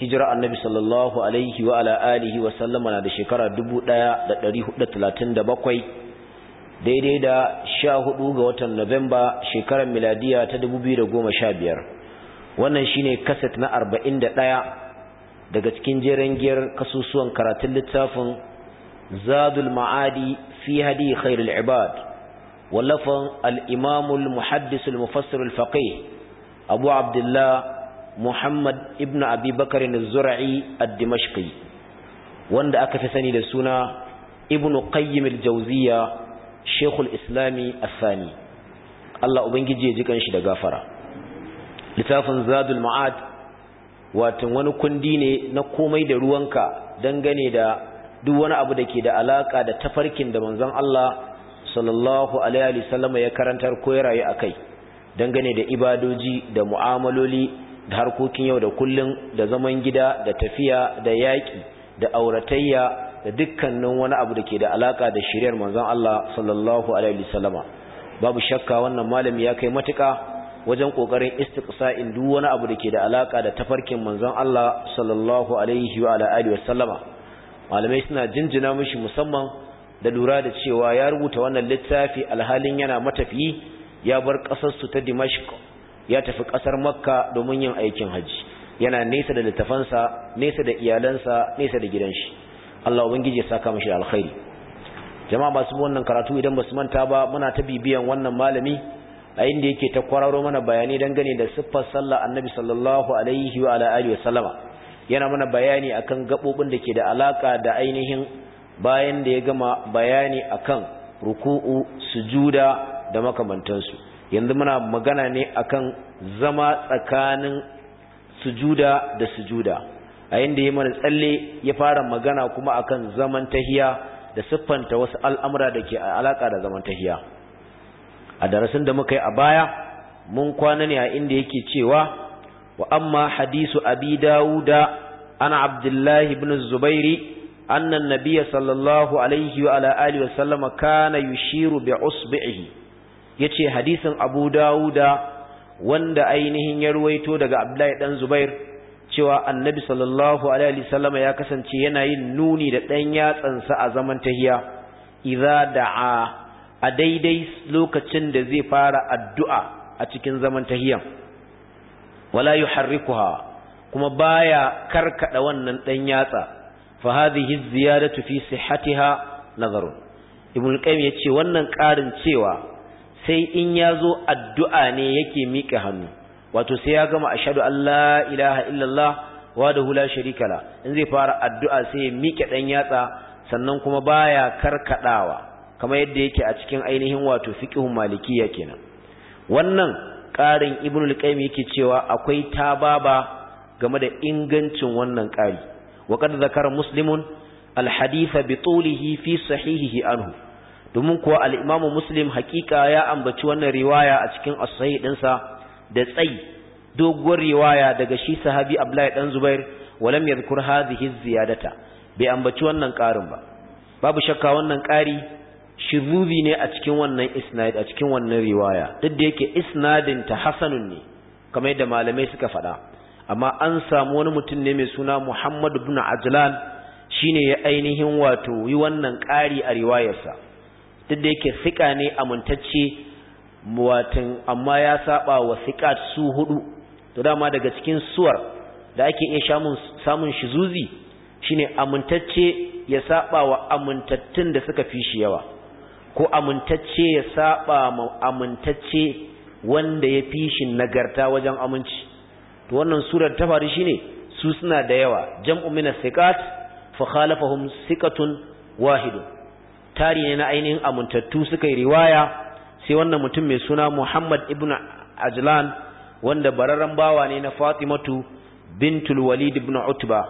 hijira annabi sallallahu alaihi wa ala alihi wa sallama na da shekara 1437 daidai da 14 ga watan Nuwamba shekarar miladiya ta 2015 wannan shine kaset na 41 daga cikin jeren giyar kasusuwan karatun littafin Zadul Ma'adi fi hadi khairul ibad wallafan al-imamul muhaddisul mufassirul faqih Abu Abdullah Muhammad ibn Abi Bakar al-Zura'i ad-Dimashqi wanda aka fi sani da suna Ibn Qayyim al-Jawziyya Sheikh al-Islami al-Thani Allah ubangiji ya ji kanshi da gafara Littafin Zadul Ma'ad wato wani kundi ne na komai da ruwanka dangane da duk wani abu da ke da alaka da tafarkin da manzon Allah sallallahu alaihi wasallam ya karantar ko ya rayu akai dangane da ibadoji da mu'amaloli da harkokin yau da kullum da zaman gida da tafiya da yaƙi da auratayya da dukkanin wani abu da ke da alaka da shiryar manzon Allah sallallahu alaihi wasallama babu shakka wannan malami ya kai matuka wajen ƙoƙarin istiqsa'in duk wani abu da ke da alaka da tafarkin manzon Allah sallallahu alaihi wa alihi wasallama malamai suna jinjina mishi musamman da lura da cewa ya rubuta wannan littafi alhalin yana matafi, ya bar ƙasarsu su ta Dimashq ya tafi ƙasar makka domin yin aikin hajji yana nesa da littafansa nesa da iyalansa nesa da gidan shi Allah ubangiji ya saka mashi alkhairi jama'a masu wannan karatu idan basu manta ba muna ta bibiyan wannan malami a inda yake ta kwararo mana bayani dangane da siffar sallah annabi sallallahu alaihi wa alihi wasallama yana mana bayani akan gabobin da ke da alaka da ainihin bayan da ya gama bayani akan ruku'u sujuda da makamantansu yanzu muna magana ne akan zama tsakanin sujuda da sujuda a yadda ya mana tsalle ya fara magana kuma akan zaman tahiya da siffanta wasu al'amura da ke alaƙa da zaman tahiya a darasin da muka yi a baya mun kwana ne a inda yake cewa wa amma hadisu abi dawuda ana abdullahi ibn zubairi annan nabiya sallallahu alaihi wa ala alihi wa sallama kana yushiru bi usbihi yace hadisin Abu Dawuda wanda ainihin ya ruwaito daga Abdullahi dan Zubair cewa Annabi sallallahu alaihi wasallam ya kasance yana yin nuni da dan yatsansa a zaman tahiya idza da'a a daidai lokacin da zai fara addu'a a cikin zaman tahiyan wala yuharrikuha kuma baya karkada wannan dan yatsa fa hadhihi ziyadatu fi sihhatiha nazarun ibn qayyim yace wannan karin cewa sai in ya zo addu'a ne yake miƙe hannu wato sai ya gama ashadu Allah ilaha illallah wa da hula sharikala in zai fara addu'a sai ya miƙe ɗan yatsa sannan kuma baya karkaɗawa kama yadda yake a cikin ainihin wato fiƙihun malikiya kenan wannan ƙarin ibn al-qayyim yake cewa akwai tababa game da ingancin wannan ƙari wa qad zakara muslimun al-haditha fi sahihihi anhu domin kuwa al’imamu Muslim hakika ya ambaci wannan riwaya a cikin as ɗinsa da tsayi doguwar riwaya daga shi sahabi abdullahi dan Zubair walam yadhkur hadhihi ziyadata bai ambaci wannan ƙarin ba babu shakka wannan ƙari shirruzi ne a cikin wannan isnad a cikin wannan riwaya duk da yake isnadin ta hasanun ne kamar yadda malamai suka faɗa amma an samu wani mutum ne mai suna Muhammad ibn Ajlan shine ya ainihin wato yi wannan ƙari a riwayarsa duk da yake siƙa ne amintacce watan amma ya saba wa siƙa su hudu to dama daga cikin suwar da ake iya samun samun shizuzi shine amintacce ya saba wa amintattun da suka fi shi yawa ko amintacce ya saba ma amintacce wanda ya fi shi nagarta wajen aminci to wannan surar ta faru shine su suna da yawa jam'u min as-siqat fa khalafahum siqatun wahidun tari ne na ainihin amintattu suka yi riwaya sai wannan mutum mai suna Muhammad ibn Ajlan wanda bararren bawa ne na Fatimatu bintul Walid ibn Utba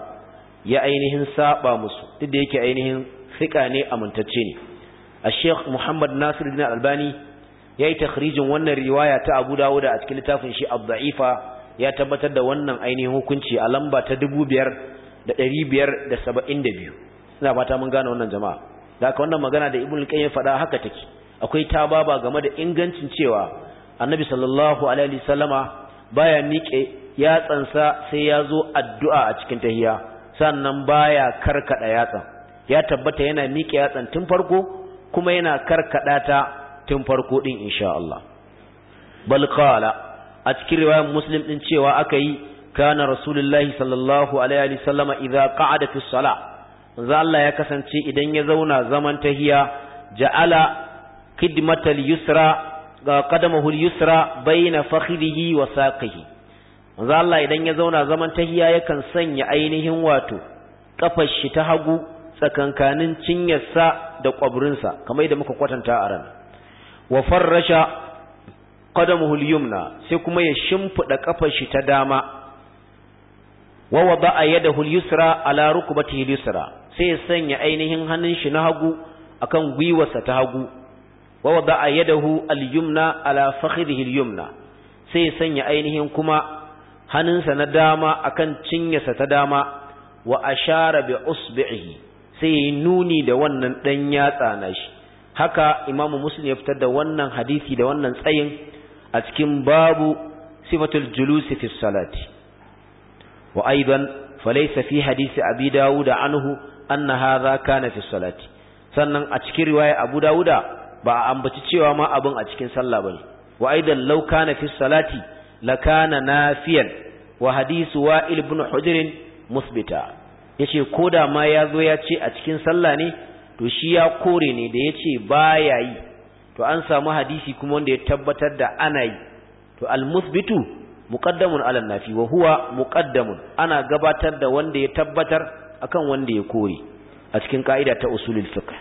ya ainihin saba musu duk da yake ainihin fika ne amintacce ne A sheikh Muhammad Nasiruddin Albani ya yi takhrijin wannan riwaya ta Abu Dawud a cikin littafin shi ad ya tabbatar da wannan ainihin hukunci a lamba ta 5572 ina fata mun gane wannan jama'a da haka wannan magana da ibnu qayyim faɗa haka take akwai tababa game da ingancin cewa annabi sallallahu alaihi wasallama baya nike yatsansa sai ya zo addu'a a cikin tahiya sannan baya karkada yatsan ya tabbata yana nike yatsan tun farko kuma yana karkada ta tun farko din insha Allah bal qala a cikin riwayar muslim din cewa aka yi kana rasulullahi sallallahu alaihi wasallama idza qa'ada fi salat manzo Allah ya kasance idan ya zauna zaman tahiya ja'ala khidmatal yusra ga qadamahul yusra baina fakhidihi wa saqihi manzo Allah idan ya zauna zaman tahiya yakan sanya ainihin wato kafar shi ta hagu tsakankanin cinyarsa da kwabrinsa kamar yadda muka kwatanta a ran wa farrasha qadamuhul yumna sai kuma ya shimfida kafar shi ta dama wa wada'a yadahu al-yusra ala rukbatihi al-yusra sai ya sanya ainihin hannun shi na hagu akan gwiwarsa ta hagu wa wada'a yadahu al-yumna ala fakhidhihi al-yumna sai ya sanya ainihin kuma hannunsa na dama akan cinyarsa ta dama wa ashara bi usbi'ihi sai ya nuni da wannan dan yatsa na shi haka imamu muslim ya fitar da wannan hadisi da wannan tsayin a cikin babu sifatul julusi fi salati wa aidan falaysa fi hadisi abi dawud anhu anna hadha kana fi salati sannan a cikin riwaya Abu Dawuda ba a ambaci cewa ma abin a cikin sallah bane wa aidan law kana fi salati la kana nafiyan wa hadisu wa ibn hujr musbita yace koda ma yazo ya ce a cikin sallah ne to shi ya kore ne da yace baya yi to an samu hadisi kuma wanda ya tabbatar da ana yi to al-musbitu muqaddamun ala nafi wa huwa muqaddamun ana gabatar da wanda ya tabbatar akan wanda ya kore a cikin ka'ida ta usulul fiqh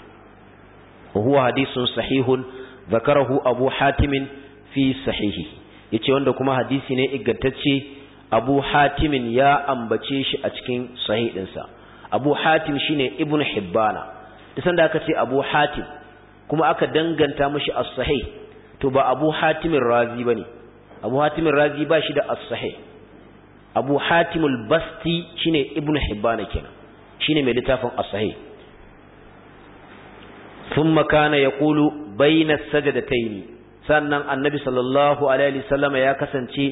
wa huwa hadithun sahihun zakarahu abu hatim fi sahihi yace wanda kuma hadisi ne igantacce abu hatim ya ambace shi a cikin sahih dinsa abu hatim shine ibnu hibbana isan da aka ce abu hatim kuma aka danganta mishi as-sahih to ba abu Hatim razi bane abu razi ba shi da as-sahih abu hatimul basti shine ibnu hibbana kenan shine mai littafin as-sahih thumma kana yaqulu bayna sajadatayn sannan annabi sallallahu alaihi wasallam ya kasance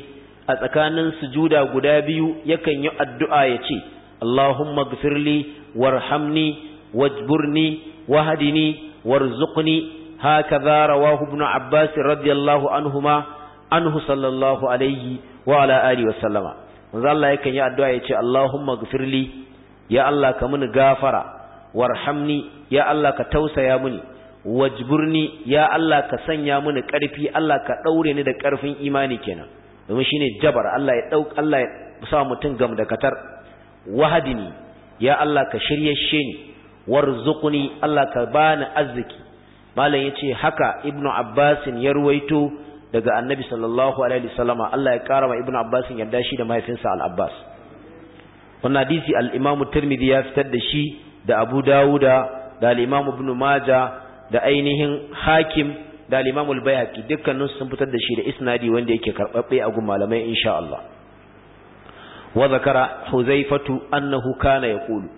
a tsakanin sujuda guda biyu yakan yi addu'a ya ce Allahumma gfirli warhamni wajburni wahdini warzuqni هكذا رواه ابن عباس رضي الله عنهما anhu sallallahu alaihi wa ala alihi wa sallama manzo Allah yakan yi addu'a ya ce, Allahumma ghfirli ya Allah ka mini gafara warhamni ya Allah ka tausaya mini wajburni ya Allah ka sanya mini karfi Allah ka ɗaure ni da ƙarfin imani kenan domin shine jabar Allah ya dau Allah ya sa mutum gam da katar wahadini ya Allah ka shirya ni warzuqni Allah ka bani arziki malam yace haka ibnu abbasin ya ruwaito daga annabi sallallahu alaihi wasallama Allah ya kara ibnu abbasin yarda shi da mahaifinsa al-abbas wannan hadisi al-Imam Tirmidhi ya fitar da shi da Abu Dawuda da al-Imam Ibn Majah da ainihin Hakim da al-Imam al dukkanin sun fitar da shi da isnadi wanda yake karbabbe a gun malamai insha Allah wa zakara Huzaifatu annahu kana yaqulu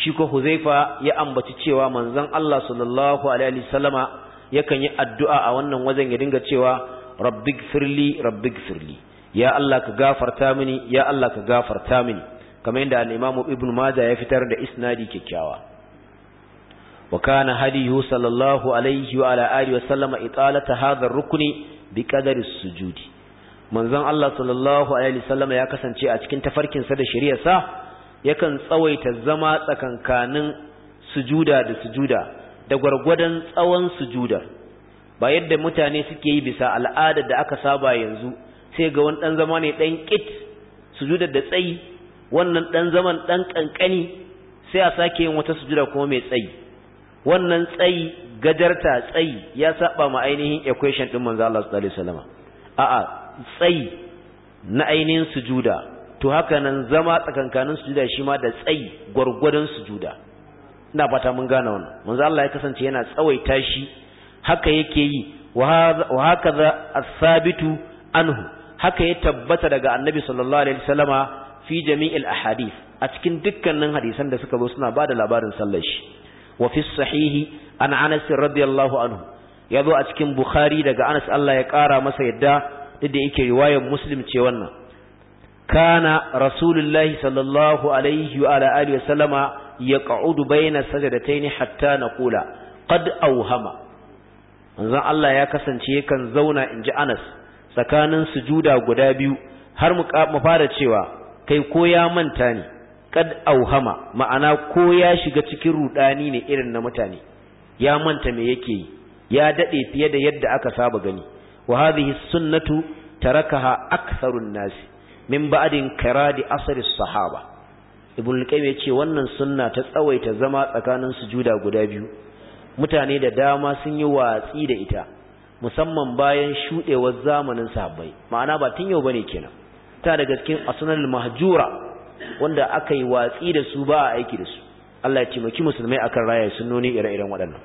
shi ko Huzaifa ya ambaci cewa manzon Allah sallallahu alaihi wasallama yakan yi addu'a a wannan wajen ya dinga cewa rabbighfirli rabbighfirli ya Allah ka gafarta mini ya Allah ka gafarta mini kamar yadda al-Imam Ibn Majah ya fitar da isnadi kyakkyawa. wa kana hadiyu sallallahu alaihi wa ala alihi wa sallama italata hadha ar-rukni bi qadari sujudi manzon Allah sallallahu alaihi wa sallama ya kasance a cikin tafarkin sa da sa, yakan tsawaita zama tsakankanin sujuda da sujuda da gwargwadon tsawon sujuda ba yadda mutane suke yi bisa al'adar da aka saba yanzu sai ga wani dan zama ne dan kit sujudar da tsayi wannan dan zaman dan kankani sai a sake yin wata sujada kuma mai tsayi wannan tsayi gadarta tsayi ya saba ma ainihin equation din manzo Allah sallallahu alaihi wasallam a'a tsayi na ainihin sujuda to haka nan zama tsakankanin sujuda shi ma da tsayi gwargwadon sujuda ina fata mun gane wannan manzo Allah ya kasance yana tsawaita shi haka yake yi wa hakaza as-sabitu anhu haka ya tabbata daga annabi sallallahu alaihi wasallama fi jami'il ahadith a cikin dukkanin hadisan da suka zo suna bada labarin sallar shi wa fi sahihi an Anas radiyallahu anhu ya zo a cikin Bukhari daga Anas Allah ya kara masa yadda duk da yake riwayar Muslim ce wannan kana rasulullahi sallallahu alaihi wa ala alihi wasallama yaq'udu bayna sajadatayn hatta naqula qad awhama manzon Allah ya kasance yakan zauna inji Anas tsakanin sujuda guda biyu har mu fara cewa kai ko ya manta ne kad auhama ma'ana ko ya shiga cikin rudani ne irin na mutane ya manta me yake yi ya dade fiye da yadda aka saba gani wa hadhihi sunnatu tarakaha aktharun nas min ba'din karadi asari sahaba ibn al-qayyim yace wannan sunna ta tsawaita zama tsakanin sujuda guda biyu mutane da dama sun yi watsi da ita musamman bayan shudewar zamanin sahabbai ma'ana ba tun yau bane kenan ta daga cikin asnal mahjura wanda aka yi watsi da su ba a aiki da su Allah ya taimaki musulmai akan raya sunnoni ire-iren waɗannan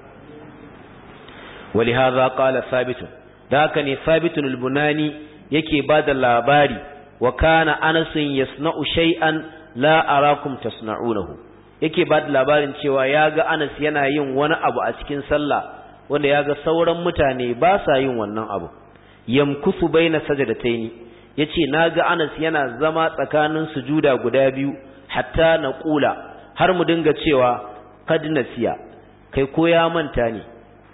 ولهذا Da ثابت ذاك ني ثابت البناني yake da labari wa kana Anas yasna'u shay'an la arakum tasna'unahu yake da labarin cewa ya ga Anas yana yin wani abu a cikin sallah wanda ya ga sauran mutane ba sa yin wannan abu yamkusu baina sajadataini yace naga Anas yana zama tsakanin sujuda guda biyu hatta na kula har mu dinga cewa kad nasiya kai ko ya manta ne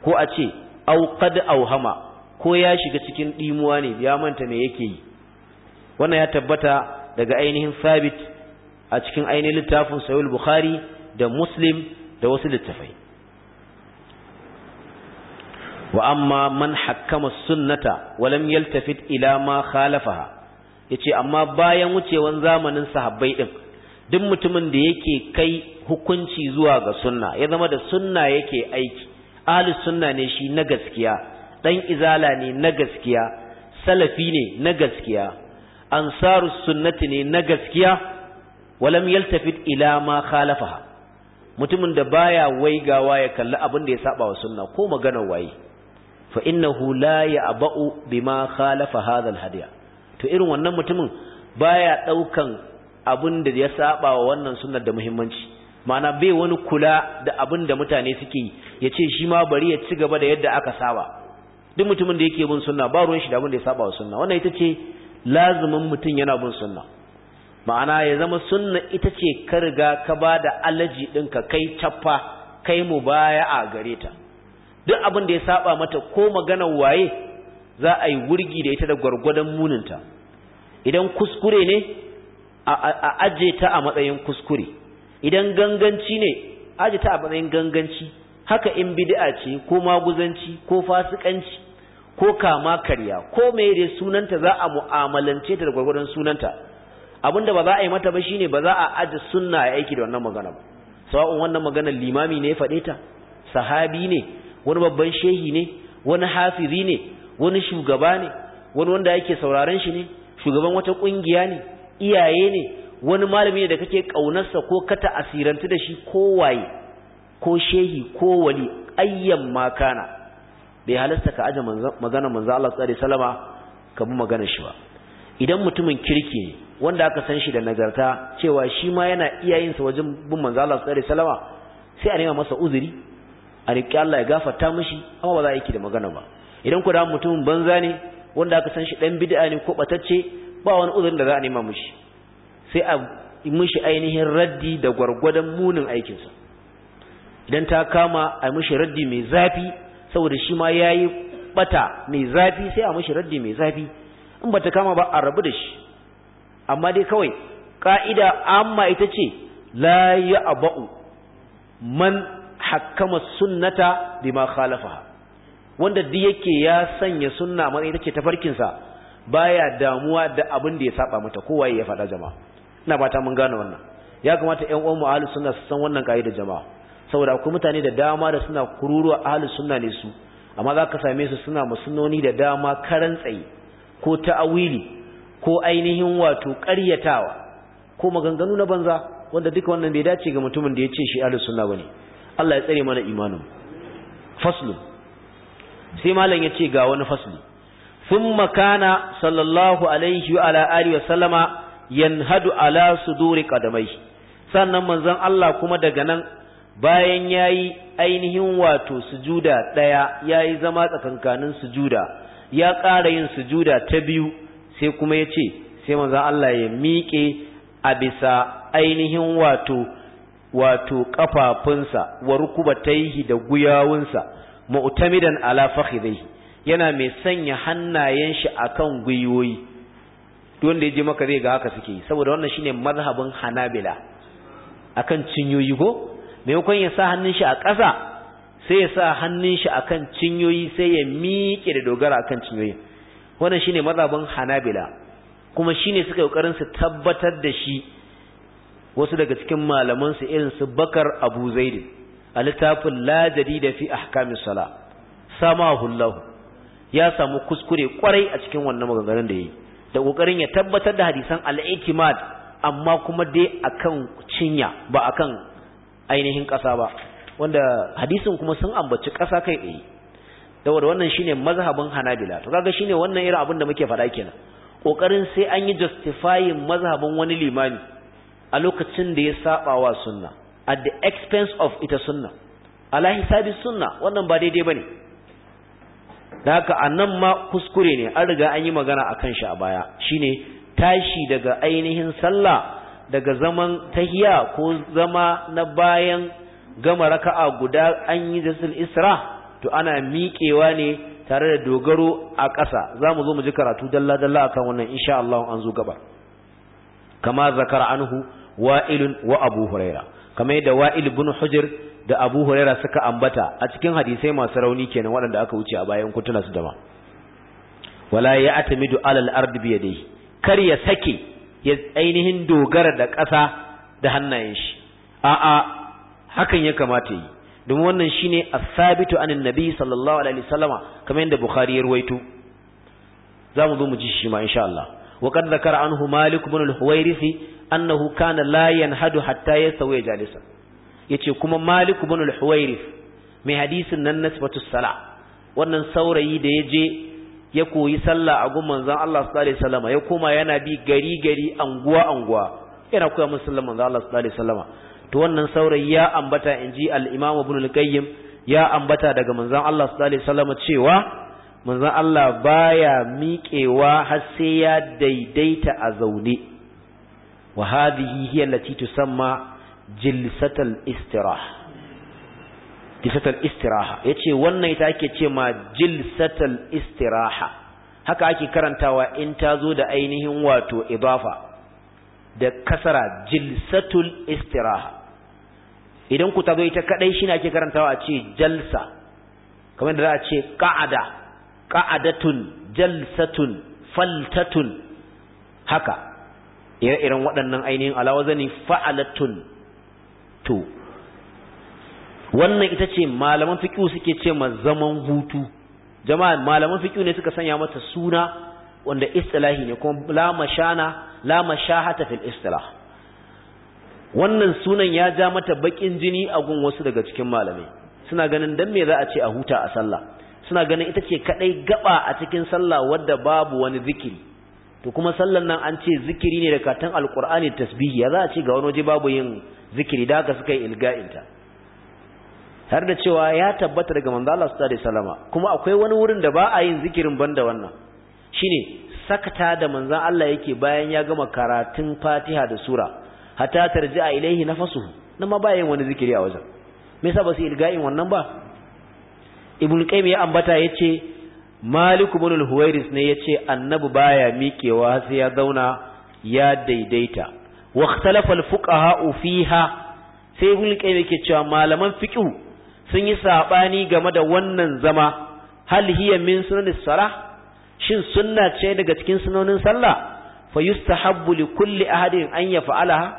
ko a ce au kad auhama ko ya shiga cikin dimuwa ne ya manta me yake yi wannan ya tabbata daga ainihin sabit a cikin ainihin littafin sahih bukhari da muslim da wasu littafai wa amma man hakkama sunnata walam yaltafit ila ma khalafaha yace amma bayan wucewan zamanin sahabbai din duk mutumin da yake kai hukunci zuwa ga sunna ya zama da sunna yake aiki ahlus sunna ne shi na gaskiya dan izala ne na gaskiya salafi ne na gaskiya ansarus sunnati ne na gaskiya walam yaltafit ila ma khalafaha mutumin da baya waigawa ya kalli abin da ya saba wa sunna ko maganar waye fa innahu la ya'ba'u bima khalafa hadha al-hadiya to irin wannan mutumin baya daukan abin da ya saba wa wannan sunnar da muhimmanci ma'ana bai wani kula da abin da mutane suke yi yace shi ma bari ya ci gaba da yadda aka saba duk mutumin da yake bin sunna ba ruwan shi da abin da ya saba wa sunna wannan ita ce lazumin mutum yana bin sunna ma'ana ya zama sunna ita ce ka riga ka ba da alaji ɗinka kai cappa kai mu baya a gare ta duk abin da ya saba mata ko magana waye za a yi wurgi da ita da gwargwadon muninta idan kuskure ne a aje ta a matsayin kuskure idan ganganci ne aje ta a matsayin ganganci haka in bid'a ce ko maguzanci ko fasikanci ko kama karya ko me dai sunanta za a mu'amalance ta da gwargwadon sunanta abinda ba za a yi mata ba shine ba za a aje sunna a aiki da wannan magana ba sawa'un wannan maganar limami ne ya faɗe ta sahabi ne wani babban shehi ne wani hafizi ne wani shugaba ne wani wanda yake sauraron shi ne shugaban wata kungiya ne iyaye ne wani malami ne da kake kaunarsa ko ka ta'asirantu da shi ko waye ko shehi ko wali ayyan ma kana bai halasta ka aje magana manzo Allah sallallahu alaihi wasallama ka bi magana shi ba idan mutumin kirki ne wanda aka san shi da nagarta cewa shi ma yana iya wajen bin manzo Allah sallallahu alaihi wasallama sai a nema masa uzuri a riƙe Allah ya gafarta mishi amma ba za a yi da magana ba idan ku da mutumin banza ne wanda aka san shi dan bid'a ne ko batacce ba wani uzurin da za a nema mishi sai a mishi ainihin raddi da gwargwadon munin aikinsa idan ta kama a mishi raddi mai zafi saboda shi ma yayi bata mai zafi sai a mishi raddi mai zafi in bata kama ba a rabu da shi amma dai kawai ka'ida amma ita ce la aba'u man hakkama sunnata bima khalafaha wanda duk yake ya sanya sunna mai take tafarkin sa baya damuwa da abin da ya saba mata kowa ya faɗa jama'a ina fata mun gane wannan ya kamata ƴan uwan mu ahlus sunna su san wannan kaida jama'a saboda akwai mutane da dama da suna kururuwa ahlus sunna ne su amma za ka same su suna musunnoni da dama karan tsaye ko ta'awili ko ainihin wato ƙaryatawa ko maganganu na banza wanda duka wannan bai dace ga mutumin da ya ce shi ahlus sunna bane Allah ya tsare mana imanin faslu sai malam ya ce ga wani faslu thumma kana sallallahu alaihi wa ala alihi wa sallama yanhadu ala suduri qadamai sannan manzan Allah kuma daga nan bayan yayi ainihin wato sujuda ya yi zama tsakankanin sujuda ya ƙara yin sujuda ta biyu sai kuma ya ce sai manzan Allah ya miƙe a bisa ainihin wato wato kafafunsa wa rukubataihi da guyawunsa mu'tamidan ala fakhidhihi yana mai sanya hannayen shi akan guyoyi wanda ya je maka zai ga haka suke saboda wannan shine mazhabin Hanabila akan cinyoyi ko maimakon ya sa hannun shi a ƙasa sai ya sa hannun shi akan cinyoyi sai ya miƙe da dogara akan cinyoyi wannan shine mazhabin Hanabila kuma shine suka yi ƙoƙarin su tabbatar da shi wasu daga cikin malamansu irin su Bakar Abu Zaid a littafin La Jadida fi Ahkamis Sala samahu Allah ya samu kuskure kwarai a cikin wannan maganganun da ya yi da kokarin ya tabbatar da hadisan al-iktimad amma kuma dai akan cinya ba akan ainihin ƙasa ba wanda hadisin kuma sun ambaci ƙasa kai tsaye saboda wannan shine mazhabin Hanabila to kaga shine wannan irin abin da muke faɗa kenan kokarin sai an yi justifying mazhabin wani limami a lokacin da ya saba wa sunna at the expense of ita sunna ala hisabi sunna wannan ba daidai bane da haka annan ma kuskure ne an riga an yi magana akan shi a baya shine tashi daga ainihin sallah daga zaman tahiya ko zama na bayan gama raka'a guda an yi jasul isra to ana miƙewa ne tare da dogaro a ƙasa za mu zo mu ji karatu dalla-dalla akan wannan insha Allah an zo gaba kama zakar anhu wa'il wa abu huraira kamar yadda wa'il ibn hujr da abu huraira suka ambata a cikin hadisai masu rauni kenan waɗanda aka wuce a bayan kutuna su dama wala ya atamidu alal ardi bi yadihi kar ya sake ya ainihin dogara da ƙasa da hannayen shi a'a hakan ya kamata yi domin wannan shine as-sabitu anin nabi sallallahu alaihi wasallama kamar yadda bukhari ya ruwaito zamu zo mu ji shi ma insha Allah wa qad zakara anhu malik ibn al-huwairisi annahu kana la yanhadu hatta yasawi jalisa yace kuma Malik ibn al-Huwairith mai hadisin nan nasbatu sala wannan saurayi da yaje ya koyi sallah a gun manzon Allah sallallahu alaihi wasallam ya koma yana bi gari gari anguwa anguwa yana koya musu sallar manzon Allah sallallahu alaihi wasallam to wannan saurayi ya ambata inji al-Imam Ibn al-Qayyim ya ambata daga manzon Allah sallallahu alaihi wasallam cewa manzon Allah baya miƙewa har sai ya daidaita a zaune wa hadhihi hiya allati tusamma jilsatul istirah jilsatul istiraha yace wannan ita ake ce ma jilsatul istiraha haka ake karantawa in ta zo da ainihin wato idafa da kasara jilsatul istiraha idan ku ta zo ita kadai shine ake karantawa a ce jalsa kamar da za a ce qa'ada qa'adatun jalsatun faltatun haka ire-iren waɗannan ainihin alawazani fa'alatun to wannan ita ce malaman fiƙiu suke ce ma zaman hutu jama'a malaman fiƙiu ne suka sanya mata suna wanda istilahi ne kuma la mashana la mashahata fil istilah wannan sunan ya ja mata baƙin jini a gun wasu daga cikin malamai suna ganin dan me za a ce a huta a sallah suna ganin ita ce kaɗai gaba a cikin sallah wadda babu wani zikiri to kuma sallan nan an ce zikiri ne da katan alkur'ani tasbihi ya za a ce ga wani waje babu yin zikiri da haka suka yi ilga'inta. har da cewa ya tabbata daga manzo Allah sallallahu alaihi wasallam kuma akwai wani wurin da ba a yin zikirin banda wannan shine sakata da manzon Allah yake bayan ya gama karatun Fatiha da sura hatta tarji'a ilaihi nafsuhu nan ma ba yin wani zikiri a wajen me yasa ba su ilga'in wannan ba ibn qayyim ya ambata yace malik ibn al-huwairis ne yace annabi baya miƙewa sai ya zauna ya daidaita wa ikhtalafa al-fuqaha fiha sai ibn qayyim yake cewa malaman fiqh sun yi saɓani game da wannan zama hal hiya min sunanis salah shin sunna ce daga cikin sunonin sallah fa yustahabbu li kulli ahadin an yaf'alaha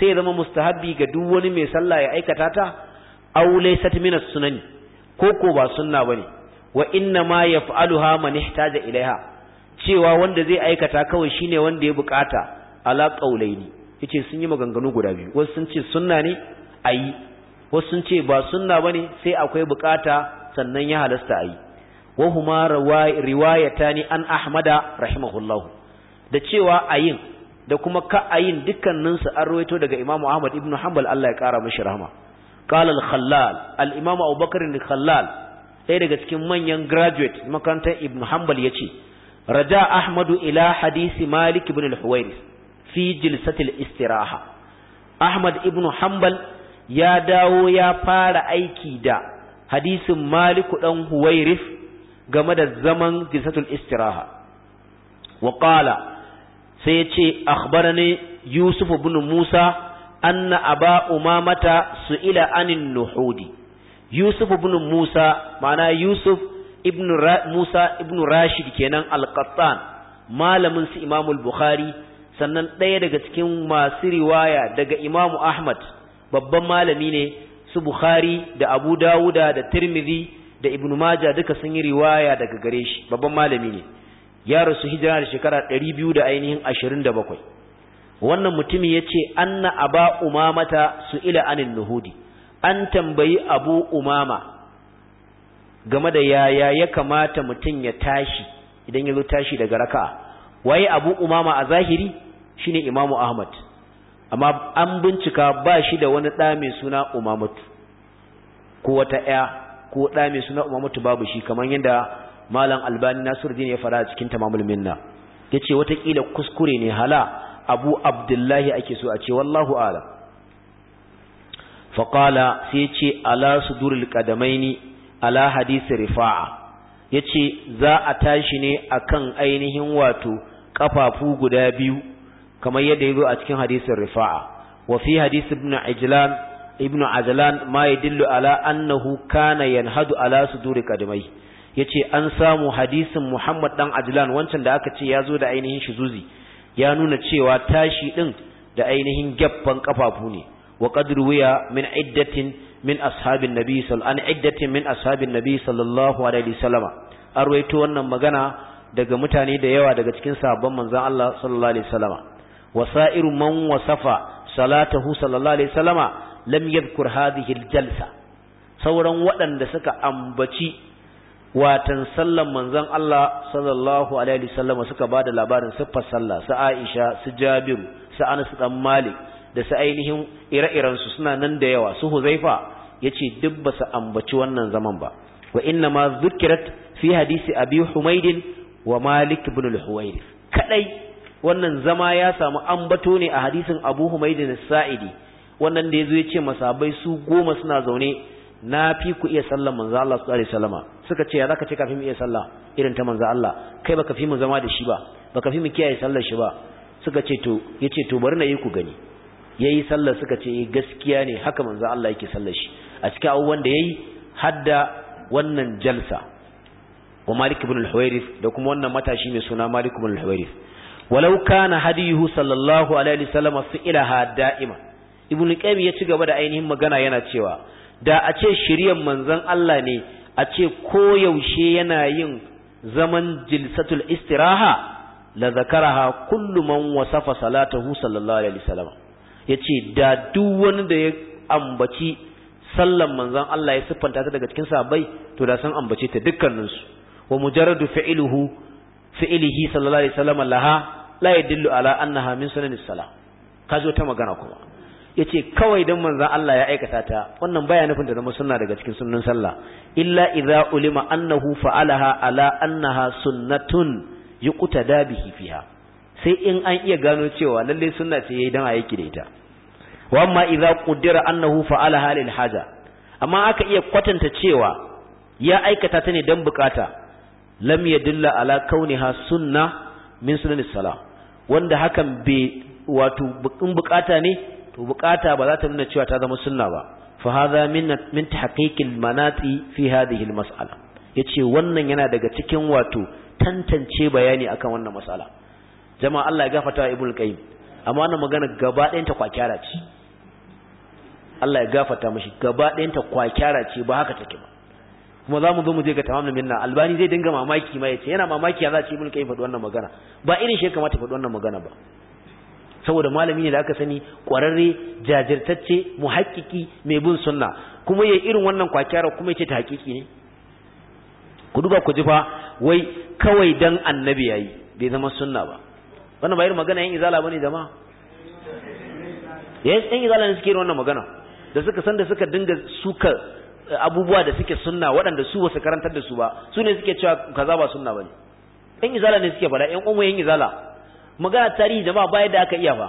sai zama mustahabbi ga duk wani mai sallah ya aikata ta aw laysat min as-sunani ko ko ba sunna bane wa inna ma yaf'aluha man ihtaja ilaiha cewa wanda zai aikata kawai shine wanda ya bukata ala qaulaini yace sun yi maganganu guda biyu wasu sun ce sunna ne ayi wasu sun ce ba sunna bane sai akwai bukata sannan ya halasta ayi wa huma riwayatani an ahmada rahimahullah da cewa ayin da kuma ka ayin dukkaninsu an rawaito daga imamu ahmad ibn hanbal Allah ya kara mashi rahma qala al-khallal al-imamu abubakar al-khallal ɗaya daga cikin manyan graduate makarantar ibn hanbal ya ce raja ahmadu ila hadisi malik ibn al-huwairis fi jilsatil istiraha ahmad ibn hanbal ya dawo ya fara aiki da hadisin maliku dan huwairis game da zaman jilsatul istiraha wa qala sai ya ce akhbarani yusuf ibn musa anna aba umamata su'ila anin nuhudi yusuf ibn musa ma'ana yusuf ibn musa ibn rashid kenan al-qattan malamin su Imamul al-bukhari sannan ɗaya daga cikin masu riwaya daga Imam ahmad babban malami ne su bukhari da abu dawuda da tirmidhi da ibn majah duka sun yi riwaya daga gare shi babban malami ne ya rasu hijira da shekara 200 da ainihin 27 wannan mutumi yace anna aba umamata ila anin nuhudi an tambayi abu umama game da yaya ya kamata mutum ya tashi idan ya zo tashi daga raka'a waye abu umama a zahiri shine imamu ahmad amma an bincika ba shi da wani ɗa mai suna umamatu ko wata ɗaya ko ɗa mai suna umamatu babu shi kamar yadda malam albani nasiruddin ya fara cikin tamamul minna yace watakila kuskure ne hala abu abdullahi ake so a ce wallahu a'lam faƙala sai ce ala sudurul qadamaini ala hadisi rifa'a yace za a tashi ne akan ainihin wato ƙafafu guda biyu kamar yadda yazo a cikin hadisin rifa'a wa fi hadisi ibn ajlan ibn ajlan ma yadullu ala annahu kana yanhadu ala suduri ya yace an samu hadisin Muhammad dan ajlan wancan da aka ce ya zo da ainihin Zuzi ya nuna cewa tashi din da ainihin gaffan ƙafafu ne wa qad ruwiya min iddatin min ashabin nabi sallallahu iddatin min ashabin nabi sallallahu alaihi wasallam arwaito wannan magana daga mutane da yawa daga cikin sabon manzon Allah sallallahu alaihi wasallam wasairu man wasafa salatahu sallallahu alaihi wasallama lam yadhkur hadhihi aljalsa sauran waɗanda suka ambaci watan sallan manzon Allah sallallahu alaihi wasallama suka bada labarin siffar sallah su Aisha su Jabir su Anas dan Malik da su ainihin ire-irensu suna nan da yawa su huzaifa ya ce duk ba su ambaci wannan zaman ba wa inna ma zukirat fi hadisi abi humaidin wa malik ibn al-huwairi wannan zama ya samu ambato ne a hadisin abu humaidin sa'idi wannan da zo ya ce masabai su goma suna zaune na fi ku iya sallar manzo Allah sallallahu alaihi wasallama suka ce ya zaka ce kafin mu iya sallah irin ta manzo Allah kai baka fi mu zama da shi ba baka fi mu kiyaye sallar shi ba suka ce to yace to bari na yi ku gani yayi sallar suka ce eh, gaskiya ne haka manzo Allah yake sallar shi a cikin abubuwan da yayi hadda wannan jalsa wa Malik ibn al da kuma wannan matashi mai suna Malik ibn al-Huwairith walau kana hadiyuhu sallallahu alaihi wasallam fi'laha da'ima ibn qayyim ya ci gaba da ainihin magana yana cewa da a ce shiryan manzon Allah ne a ce ko yaushe yana yin zaman jilsatul istiraha la zakaraha kullu man wasafa salatahu sallallahu alaihi wasallam yace da duk wani da ya ambaci sallan manzan Allah ya siffanta ta daga cikin sabai to da san ambace ta dukkanin su wa mujarradu fi'luhu fi'lihi sallallahu alaihi wasallam laha la yadullu ala annaha min sunanis ka zo ta magana kuma yace kawai dan manzan Allah ya aikata ta wannan baya nufin da zama sunna daga cikin sunnan sallah illa idza ulima annahu fa'alaha ala annaha sunnatun yuqtada bihi fiha sai in an iya gano cewa lallai sunna ce yayi dan a yake da ita wa amma idza qudira annahu fa'ala halil haja amma aka iya kwatanta cewa ya aikata ta ne dan bukata lam yadulla ala kauniha sunna min sunan salam wanda hakan bai wato in bukata ne to bukata ba za ta nuna cewa ta zama sunna ba fa hadha min min tahqiqil manati fi hadhihi al mas'ala yace wannan yana daga cikin wato tantance bayani akan wannan mas'ala jama'a Allah ya gafarta wa ibnu qayyim amma wannan magana gaba ɗayan ta kwakyara ce Allah ya gafarta mishi gaba ɗayan ta kwakyara ce ba haka take ba kuma za mu zo mu je ga tamamin minna albani zai dinga mamaki ma yace yana mamaki ya za ce ibnu qayyim faɗi wannan magana ba irin shi ya kamata faɗi wannan magana ba saboda malami ne da aka sani kwararre jajirtacce muhakkiki mai bin sunna kuma yayi irin wannan kwakyara kuma yace ta hakiki ne ku duba ku ji fa wai kawai dan annabi yayi bai zama sunna ba wannan bayar magana yan izala bane jama'a yes yan izala ne suke wannan magana da suka san da suka dinga suka eh, abubuwa da suke sunna waɗanda su ba su karantar da su ba su ne suke cewa kaza ba sunna bane yan izala ne suke faɗa yan umu yan izala magana tarihi jama'a baya da aka iya ba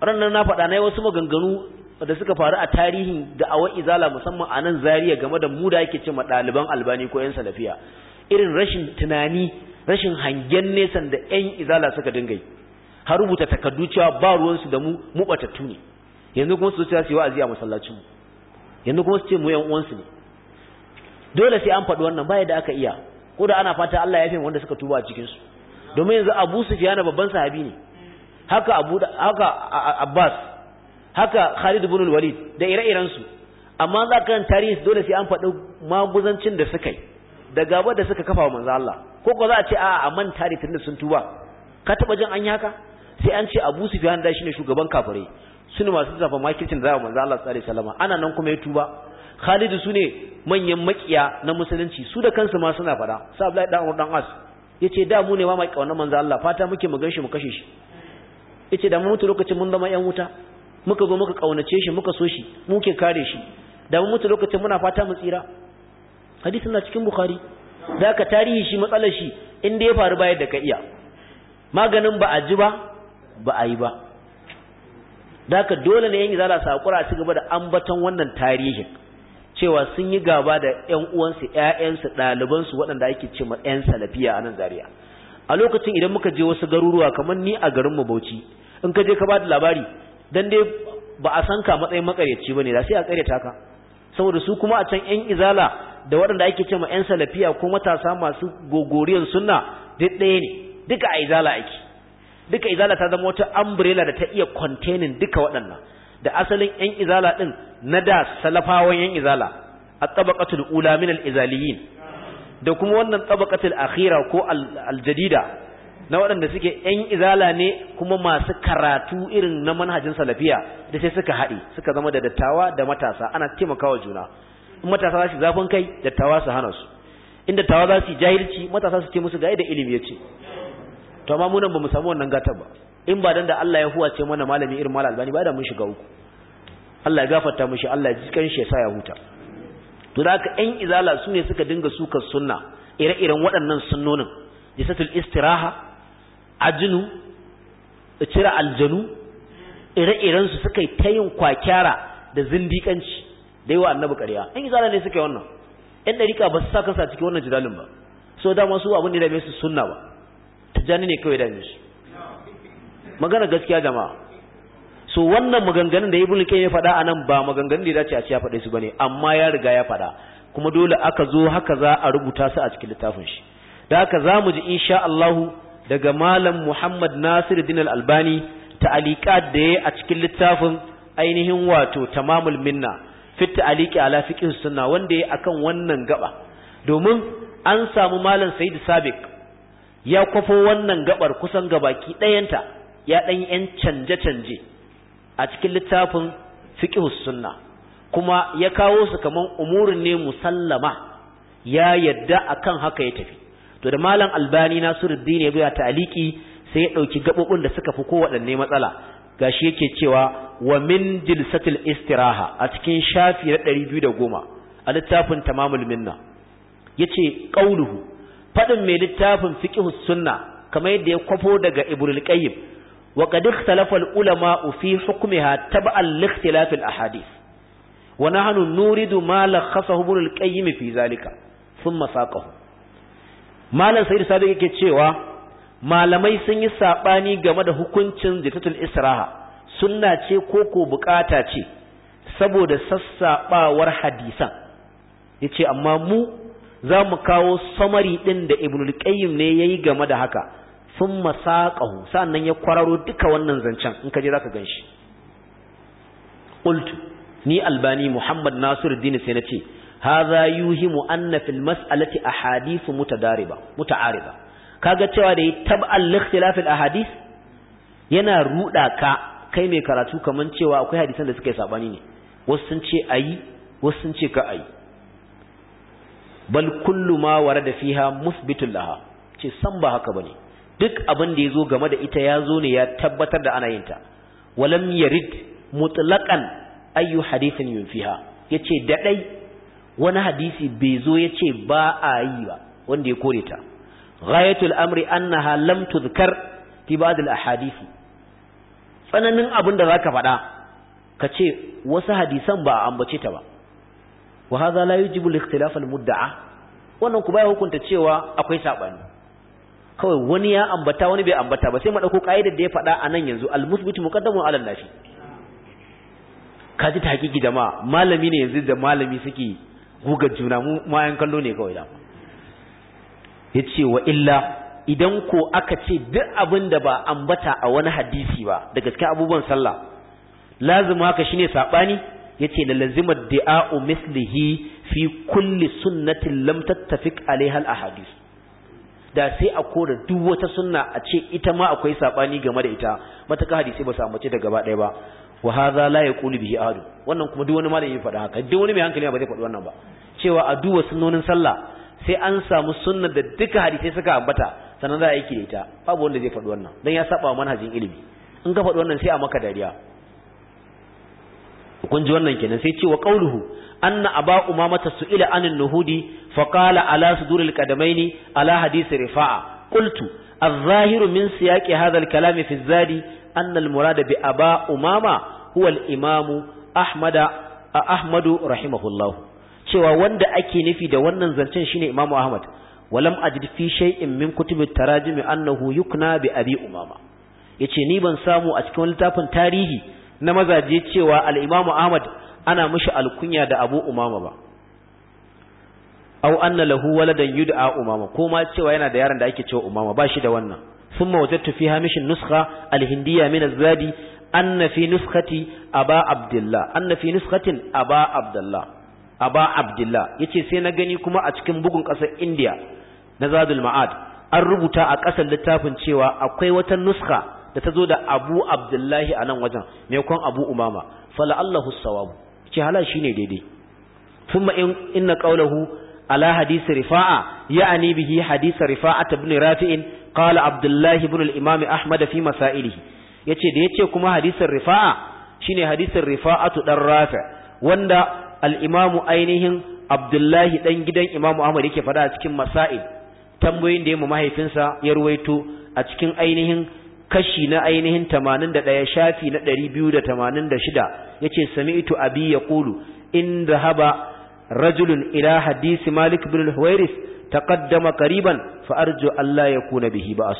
ranar na faɗa na yi wasu maganganu da suka faru a tarihin da'awar izala musamman a nan zariya game da mu da ake cewa ɗaliban albani ko 'yan salafiya irin rashin tunani rashin hangen nesan da 'yan izala suka dinga yi har rubuta takardu cewa ba ruwansu da mu mu batattu ne yanzu kuma su cewa su yi wa'azi a masallacin mu yanzu kuma su ce mu yan uwansu ne dole sai an faɗi wannan baya da aka iya ko da ana fata Allah ya fi wanda suka tuba a cikin su domin yanzu Abu Sufyan babban sahabi ne haka Abu haka Abbas haka Khalid ibn al-Walid da ire-iren su amma za ka tarihi dole sai an faɗi maguzancin da suka yi da gaba da suka kafa wa manzo Allah ko ko za a ce a'a a manta da tunda sun tuba ka taba jin an yi haka sai an ce Abu Sufyan da shine shugaban kafirai sune masu zafa makircin da manzo Allah sallallahu alaihi wasallam ana nan kuma ya tuba Khalid sune manyan makiya na musulunci su da kansu ma suna fada sa Abdullahi dan dan As yace da mu ne ma mai kaunar manzo Allah fata muke mu ganshi mu kashe shi yace da mu mutu lokacin mun zama yan wuta muka zo muka kaunace shi muka so shi muke kare shi da mu mutu lokacin muna fata mu tsira hadisin na cikin bukhari da ka tarihi shi matsalar shi inda ya faru bayar da ka iya maganin ba a ji ba ba a yi ba da ka dole ne yan izala sakura a cigaba da ambaton wannan tarihin cewa sun yi gaba da yan uwansu ƴaƴansu ɗalibansu waɗanda ake ce ma ƴan salafiya a nan zariya. a lokacin idan muka je wasu garuruwa kamar ni a garin mu Bauchi in ka je ka bada labari dan dai ba a san ka matsayin makaryaci bane da sai a karyata ka saboda su kuma a can yan izala da waɗanda ake cewa ƴan salafiya ko matasa masu gogoriyar sunna duk ɗaya ne duka a izala ake duka izala ta zama wata umbrella da ta iya containing duka waɗannan da asalin ƴan izala ɗin na da salafawan ƴan izala a tabaqatul ula min izaliyin da kuma wannan tabaqatul akhira ko al-jadida na waɗanda suke ƴan izala ne kuma masu karatu irin na manhajin salafiya da sai suka haɗe suka zama da dattawa da matasa ana taimakawa juna matasa za su zafin kai dattawa su hana su inda tawa za su jahilci matasa su ce musu ga da ilimi ya ce, to amma munan bamu samu wannan gata ba in ba dan da Allah ya huwa huwace mana malami irin malam albani ba da mun shiga uku Allah ya gafarta shi, Allah ya ji kan shi ya sa ya huta to da haka ƴan izala su ne suka dinga suka sunna ire-iren waɗannan sunnonin jisatul istiraha ajinu cire aljanu ire-iren su suka yi ta yin kwakyara da zindiƙanci da yawa annabi ƙarya in yi ne suka yi wannan yan ɗarika ba su sa kansa cikin wannan jidalin ba so dama su abin da dame su sunna ba tijjani ne kawai dame su magana gaskiya jama'a so wannan maganganun da ibnu kayyim ya faɗa anan ba maganganun da ya dace a ce ya faɗe su bane amma ya riga ya faɗa kuma dole aka zo haka za a rubuta su a cikin littafin shi da haka za mu ji insha Allah daga malam Muhammad Nasir Din Al-Albani ta'aliqat da ya a cikin littafin ainihin wato tamamul minna fit Aliki ala fiqh sunna wanda yayi akan wannan gaba domin an samu malam sayyid sabiq ya kwafo wannan gabar kusan gabaki ɗayanta ya ɗan yan canje-canje a cikin littafin fiqh sunna kuma ya kawo su kaman umurin ne musallama ya yadda akan haka ya tafi to da malam albani nasiruddin ya biya ya aliki sai ya dauki gabobin da suka fi ko waɗanne matsala gashi yake cewa wa min jilsatil istiraha a cikin shafi na goma a littafin tamamul minna yace qauluhu faɗin mai littafin fiqhus sunna kamar yadda ya kwafo daga ibrul qayyim wa qad ikhtalafa ulama fi hukmiha tab'an li ahadith wa nahnu nuridu ma lakhasahu ibrul qayyim fi zalika thumma saqahu malam sayyid sadiq yake cewa malamai sun yi sabani game da hukuncin jilsatul istiraha sunna ce ko ko bukata ce saboda sassaɓawar hadisan yace amma mu za mu kawo samari din da al qayyim ne yayi game da haka sun masaqahu sannan ya kwararo duka wannan zancen in ka je zaka ganshi qultu ni albani muhammad nasiruddin sai nace hadha yuhimu anna fil mas'alati ahadith mutadariba mutaariba kaga cewa da tab al ikhtilaf al ahadith yana ruda ka kai mai karatu kaman cewa akwai hadisan da suka yi sabani ne wasu sun ce ayi wasu sun ce ka ayi bal kullu ma warada fiha musbitul laha ce san ba haka bane duk abin da ya zo game da ita yazo ne ya tabbatar da ana yin ta walam yarid mutlaqan ayu hadithin yunfiha yace da dai wani hadisi bai zo yace ba a yi ba wanda ya kore ta ghayatul amri annaha lam tudhkar fi ba'd al ahadisi tsananin abin da zaka faɗa ka ce wasu hadisan ba a ambace ta ba wa hadha la yujibu al-ikhtilaf al-mudda'a wannan ku baya hukunta cewa akwai sabani kawai wani ya ambata wani bai ambata ba sai mu dauko kaidar da ya faɗa a nan yanzu al musbit muqaddamun ala nafi kaji ta hakiki jama'a malami ne yanzu da malami suke guga juna mu mayan kallo ne kawai da yace wa illa idan ko aka ce duk abin da ba ambata a wani hadisi ba da gaske abubuwan sallah lazima haka shine sabani yace la lazima du'a'u mislihi fi kulli sunnatin lam tattafiq alaiha al ahadith da sai a kora duk wata sunna a ce ita ma akwai sabani game da ita mataka hadisi ba samu ce da gaba ɗaya ba wa hadha la yaqulu bihi ahad wannan kuma duk wani malami ya faɗa haka duk wani mai hankali ba zai faɗi wannan ba cewa a duwa sunnonin sallah sai an samu sunnar da duka hadisai suka ambata sannan za a yi kireta babu wanda zai faɗi wannan don ya saba manhajin ilimi in ka faɗi wannan sai a maka dariya kun ji wannan kenan sai ce wa qauluhu anna aba umamata su'ila anin nuhudi fa qala ala suduril qadamaini ala hadisi rifa'a qultu الظاهر من سياق هذا الكلام في الزاد أن المراد بأبا أمامة هو الإمام أحمد أحمد رحمه الله cewa wanda ake nufi da wannan zancen shine Imam Ahmad walam ajid fi shay'in min kutubi tarajim annahu yukna bi abi umama yace ni ban samu a cikin littafin tarihi na mazaje cewa al-imam ahmad ana mishi alkunya da abu umama ba aw anna lahu waladan yud'a umama ko ma cewa yana da yaron da ake cewa umama ba shi da wannan thumma wajadtu fiha mishin nuskha al-hindiyya min az-zadi anna fi nuskhati aba abdullah anna fi nuskhatin aba abdullah aba abdullah yace sai na gani kuma a cikin bugun ƙasar Indiya. na zadul ma'ad an rubuta a ƙasan littafin cewa akwai wata nuska da ta zo da abu abdullahi a nan wajen maimakon abu umama fala allahu sawabu ce halal daidai thumma in inna qawluhu ala hadisi rifa'a ya'ani bihi hadisi rifa'a ibn rafi'in qala abdullahi ibn al-imam ahmad fi masailihi yace da yace kuma hadisin rifa'a shine hadisin rifa'atu dan rafi' wanda al-imamu ainihin abdullahi dan gidan imamu ahmad yake fada a cikin masail tambayoyin da ya mu mahaifinsa ya ruwaito a cikin ainihin kashi na ainihin 81 shafi na 286 yace sami'tu abi yaqulu in dhahaba rajulun ila hadisi malik ibn al-huwairis taqaddama qariban fa arju alla yakuna bihi ba'as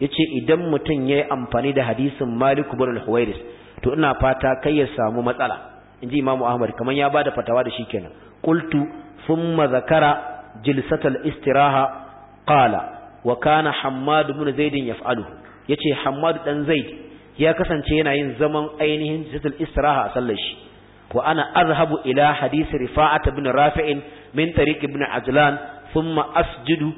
yace idan mutun yayi amfani da hadisin malik bin al-huwairis to ina fata kai ya samu matsala inji imamu ahmad kaman ya bada fatawa da shi kenan qultu thumma zakara jilsatal istiraha qala wa kana hammad ibn zaid yaf'aluhu yace hammad dan zaid ya kasance yana yin zaman ainihin situl istiraha a sallar shi wa ana azhabu ila hadith rifa'at ibn rafi'in min tariq ibn ajlan thumma asjudu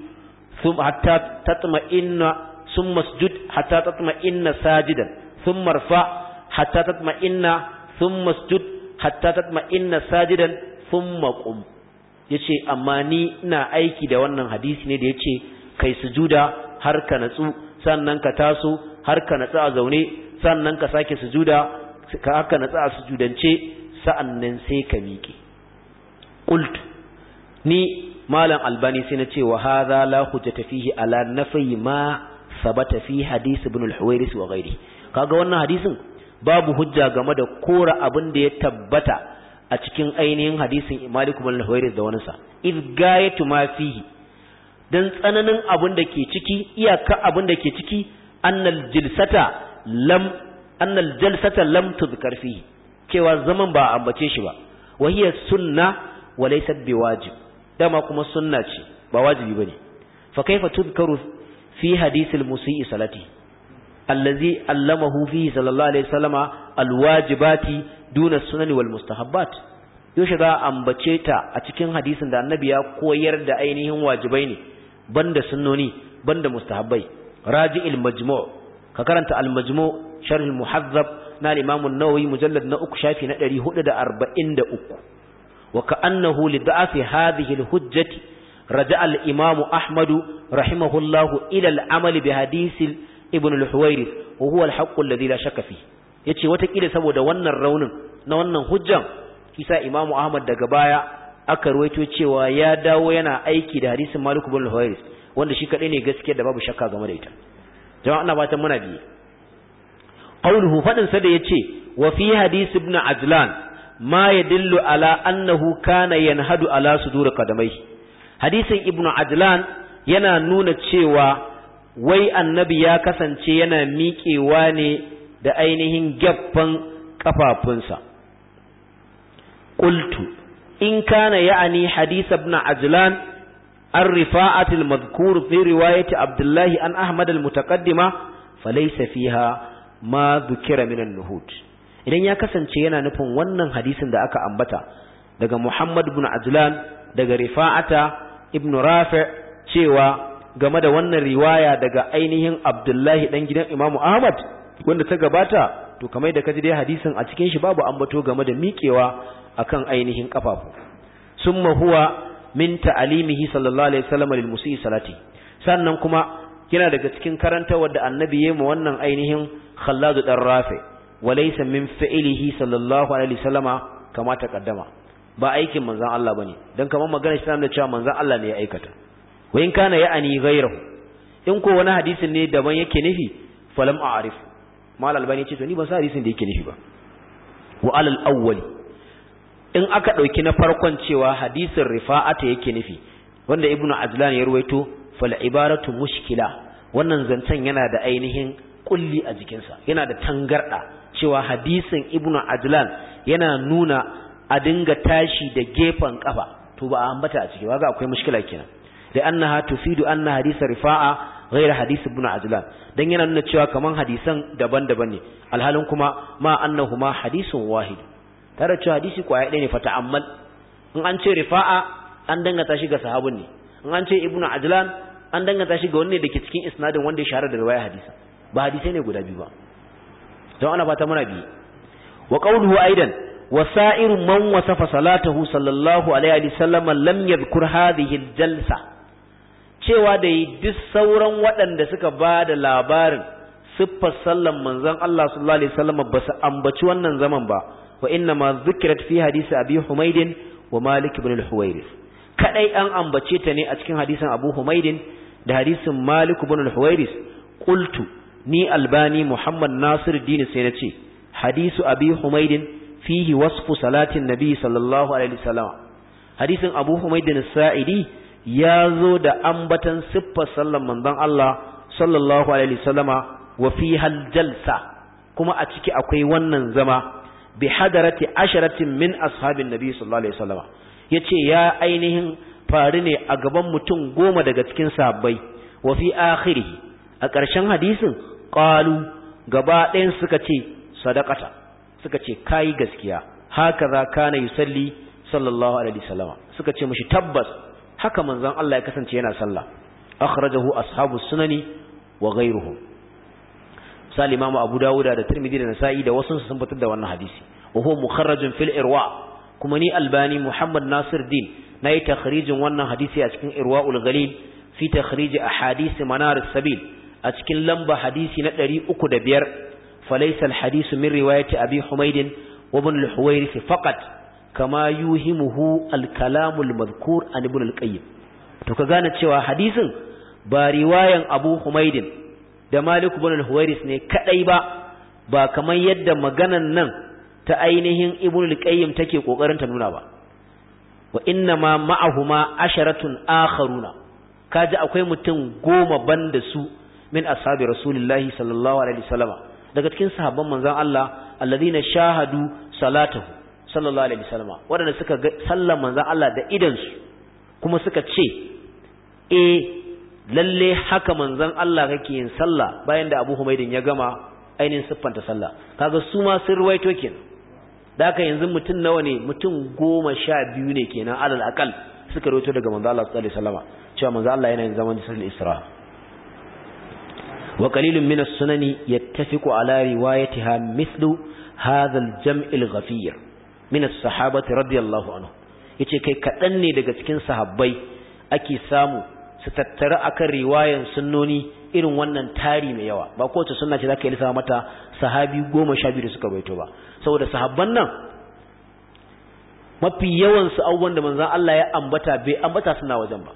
thumma hatta tatma'inna ثم اسجد حتى تطمئن ساجدا ثم ارفع حتى تطمئن ثم اسجد حتى تطمئن ساجدا ثم قم Ya ce amma ni ina aiki da wannan hadisi ne da ya ce kai sujuda har ka natsu sannan ka taso har ka natsu a zaune sannan ka sake sujuda ka haka natsu a sujudance sa'annan sai ka miƙe qult ni malam albani sai na ce wa hadha la hujjata fihi ala nafi ma sabata fi hadis ibn al-huwairis wa ghairi kaga wannan hadisin babu hujja game da kora abin da ya tabbata a cikin ainihin hadisin Malik ibn al da wani sa id gayatu ma fihi dan tsananin abin da ke ciki iyaka abin da ke ciki annal jilsata lam annal jalsata lam tudkar fihi cewa zaman ba a ambace shi ba wa hiya sunna wa laysat biwajib dama kuma sunna ce ba wajibi bane fa kaifa tudkaru fi hadisil musii salati allazi allamahu fihi sallallahu alaihi wasallama alwajibati duna sunani wal mustahabbat yaushe za a ambace ta a cikin hadisin da annabi ya koyar da ainihin wajibai ne banda sunnoni banda mustahabbai raji'il majmu' ka karanta al majmu' sharh al muhazzab na al-imam an-nawawi mujallad na uku shafi na 443 wa ka'annahu li da'afi hadhihi al-hujjati raja'a al-imam ahmad rahimahullahu ila al-amal bi hadisi ibn al-huwayrith wa huwa al-haqqu alladhi yace watakila saboda wannan raunin na wannan hujjan kisa imamu ahmad daga baya aka ruwaito cewa ya dawo yana aiki da hadisin malik bin al-huwairis wanda shi kadai ne gaskiya da babu shakka game da ita jama'a ana fatan muna biye qawluhu fadin sa da yace wa fi hadis ibn ajlan ma yadullu ala annahu kana yanhadu ala sudur qadamai hadisin ibn ajlan yana nuna cewa wai annabi ya kasance yana miƙewa ne da ainihin gaffan kafafunsa qultu in kana ya'ani hadith ibn ajlan الرفاعة المذكور في رواية Abdullahi an عن أحمد المتقدمة فليس فيها ma ذكر من nuhud. idan ya kasance yana nufin wannan hadisin da aka ambata daga Muhammad ibn Ajlan daga Rifa'ata ibn Rafi' cewa game da wannan riwaya daga ainihin Abdullahi dan gidan Imam Ahmad wanda ta gabata to kamar da kaji dai hadisin a cikin shi babu ambato game da miƙewa akan ainihin kafafu summa huwa min ta'alimihi sallallahu alaihi wasallam lil musii salati sannan kuma yana daga cikin karantawar da annabi yayi mu wannan ainihin khalladu dan rafi walaysa min fi'lihi sallallahu alaihi wasallam kama taqaddama ba aikin manzon Allah bane dan kamar magana shi tana cewa manzon Allah ne ya aikata wa in kana ya'ani ghayruhu in ko wani hadisin ne daban yake nufi falam a'rifu mal albani ce to ni ba sa hadisin da yake nufi ba wa alal awwali in aka dauki na farkon cewa hadisin rifa'ata yake nufi wanda ibnu azlan ya ruwaito fal ibaratu mushkila wannan zancen yana da ainihin kulli a jikinsa yana da tangarda cewa hadisin ibnu azlan yana nuna a dinga tashi da gefen kafa to ba a ambata a ciki ba akwai mushkila kenan da annaha tufidu anna hadisa rifa'a ghayr hadith ibn ajlan dan yana nuna cewa kaman hadisan daban-daban ne alhalin kuma ma annahuma hadithun wahid tare cewa hadisi ko ayi ne fata ammal an ce rifa'a an dangata shi ga sahabin ne an ce ibn ajlan an dangata shi ga wani da ke cikin isnadin wanda ya shahara da riwaya hadisa ba hadisai ne guda biyu ba don ana fata muna wa qawluhu aidan وسائر من وصف صلاته صلى الله عليه وسلم لم يذكر هذه الجلسة cewa da yi duk sauran waɗanda suka ba da labarin siffar sallan manzon Allah sallallahu alaihi wasallam ba su ambaci wannan zaman ba wa inna ma zikrat fi hadisi abi humaidin wa malik ibn al-huwairis kadai an ambace ta ne a cikin hadisin abu humaidin da hadisin malik ibn al-huwairis qultu ni albani muhammad nasir dini sai na ce hadisu abi humaidin fihi wasfu salatin nabi sallallahu alaihi wasallam hadisin abu humaidin sa'idi ya zo da ambatan siffar sallar manzon Allah sallallahu alaihi wasallama wa fi hal jalsa kuma a ciki akwai wannan zama bi hadarati asharatin min ashabin nabi sallallahu alaihi wasallama yace ya ainihin faru ne a gaban mutum goma daga cikin sahabbai wa fi akhirih a ƙarshen hadisin qalu gaba ɗayan suka ce sadaqata suka ce kai gaskiya haka za kana yusalli sallallahu alaihi wasallama suka ce mushi tabbas haka manzon Allah ya kasance yana sallah akhrajahu ashabu sunani wa ghayruhum sal imam abu da tirmidhi da nasa'i da wasu sun fitar da wannan hadisi wa huwa mukharrajun fil irwa kuma ni albani muhammad nasir din nayi takhrijin wannan hadisi a cikin irwaul ghalil fi takhrij ahadith manar sabil a cikin lamba hadisi na 305 falaysa al hadith min riwayati abi humayd wa ibn al faqat kama yuhimuhu al-kalamul madhkur an ibn al to ka gane cewa hadisin ba riwayan Abu Humaydin da Malik ibn ne kadai ba ba kamar yadda maganan nan ta ainihin ibn al take kokarin ta nuna ba wa inna ma ma'ahuma asharatun akharuna kaji akwai mutum goma ban da su min ashabi rasulillahi sallallahu alaihi wasallama daga cikin sahabban manzon Allah alladhina shahadu salatahu sallallahu alaihi wasallama waɗanda suka ga sallar manzon Allah da idansu kuma suka ce e lalle haka manzon Allah kake yin sallah bayan da Abu Humaydin ya gama ainihin siffanta sallah kaga su ma sun ruwaito kenan da haka yanzu mutum nawa ne mutum goma sha biyu ne kenan alal akal suka ruwaito daga manzon Allah sallallahu alaihi wasallama cewa manzon Allah yana yin zaman Isra as-sunani yattafiqu ala riwayatiha mithlu hadha al-jam' al-ghafir min as-sahabati radiyallahu anhu yace kai kadan ne daga cikin sahabbai ake samu su tattara akan riwayan sunnoni irin wannan tari mai yawa ba kowace sunna ce zaka yi lissafa mata sahabi goma sha biyu da suka baito ba saboda sahabban nan mafi yawan su abubuwan da manzon Allah ya ambata bai ambata suna wajen ba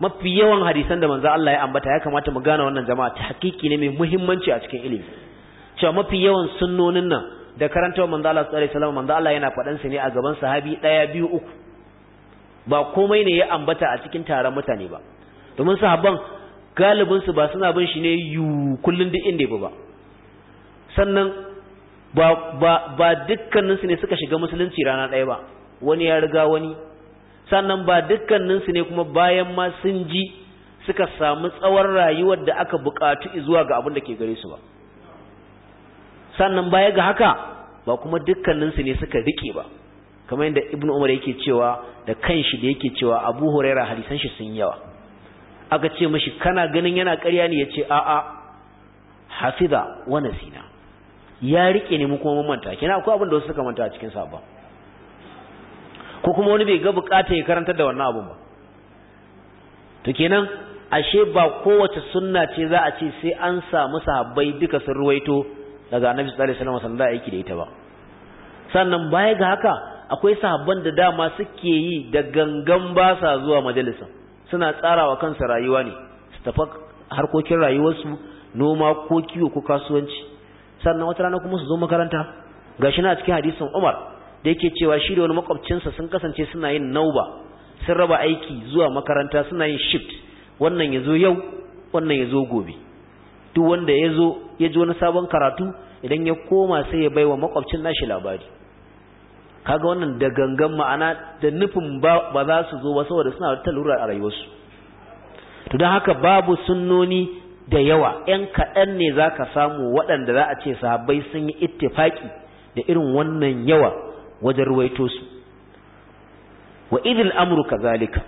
mafi yawan hadisan da manzon Allah ya ambata ya kamata mu gane wannan jama'a ta hakiki ne mai muhimmanci a cikin ilimi cewa mafi yawan sunnonin nan da karantar manzo Allah sallallahu alaihi wasallam Allah yana fadan sa ne a gaban sahabi daya biyu uku ba komai ne ya ambata a cikin taron mutane ba domin sahabban galibin su ba suna bin shi ne yu kullun duk inda ba sannan ba ba ba dukkanin su ne suka shiga musulunci rana daya ba wani ya riga wani sannan ba dukkanin su ne kuma bayan ma sun ji suka samu tsawon rayuwar da aka buƙatu zuwa ga abin da ke gare su ba sannan baya ga haka ba kuma dukkaninsu ne suka rike ba kamar yadda ibnu umar yake cewa da kanshi da yake cewa abu huraira hadisan shi sun yawa aka ce mashi kana ganin yana ƙarya ne yace a'a hafiza wa nasina ya rike ne mu kuma mun manta kina akwai abin da wasu suka manta a cikin sabon ko kuma wani bai ga bukata ya karantar da wannan abun ba to kenan ashe ba kowace sunna ce za a ce sai an samu sahabbai duka sun ruwaito daga annabi sallallahu alaihi wasallam da aiki da ita ba sannan baya ga haka akwai sahabban da dama suke yi da gangan ba sa zuwa majalisa suna tsarawa kansa rayuwa ne su tafi harkokin rayuwarsu noma ko kiwo ko kasuwanci sannan wata rana kuma su zo makaranta gashi na cikin hadisin Umar da yake cewa shi da wani makwabcinsa sun kasance suna yin nauba sun raba aiki zuwa makaranta suna yin shift wannan yazo yau wannan yazo gobe duk wanda ya zo ya ji wani sabon karatu idan ya koma sai ya baiwa makwabcin nashi labari kaga wannan da gangan ma'ana da nufin ba za su zo ba saboda suna da talura a rayuwarsu to don haka babu sunnoni da yawa 'yan kaɗan ne za ka samu waɗanda za a ce sahabbai sun yi ittifaƙi da irin wannan yawa wajen ruwaito su wa idil amru kazalika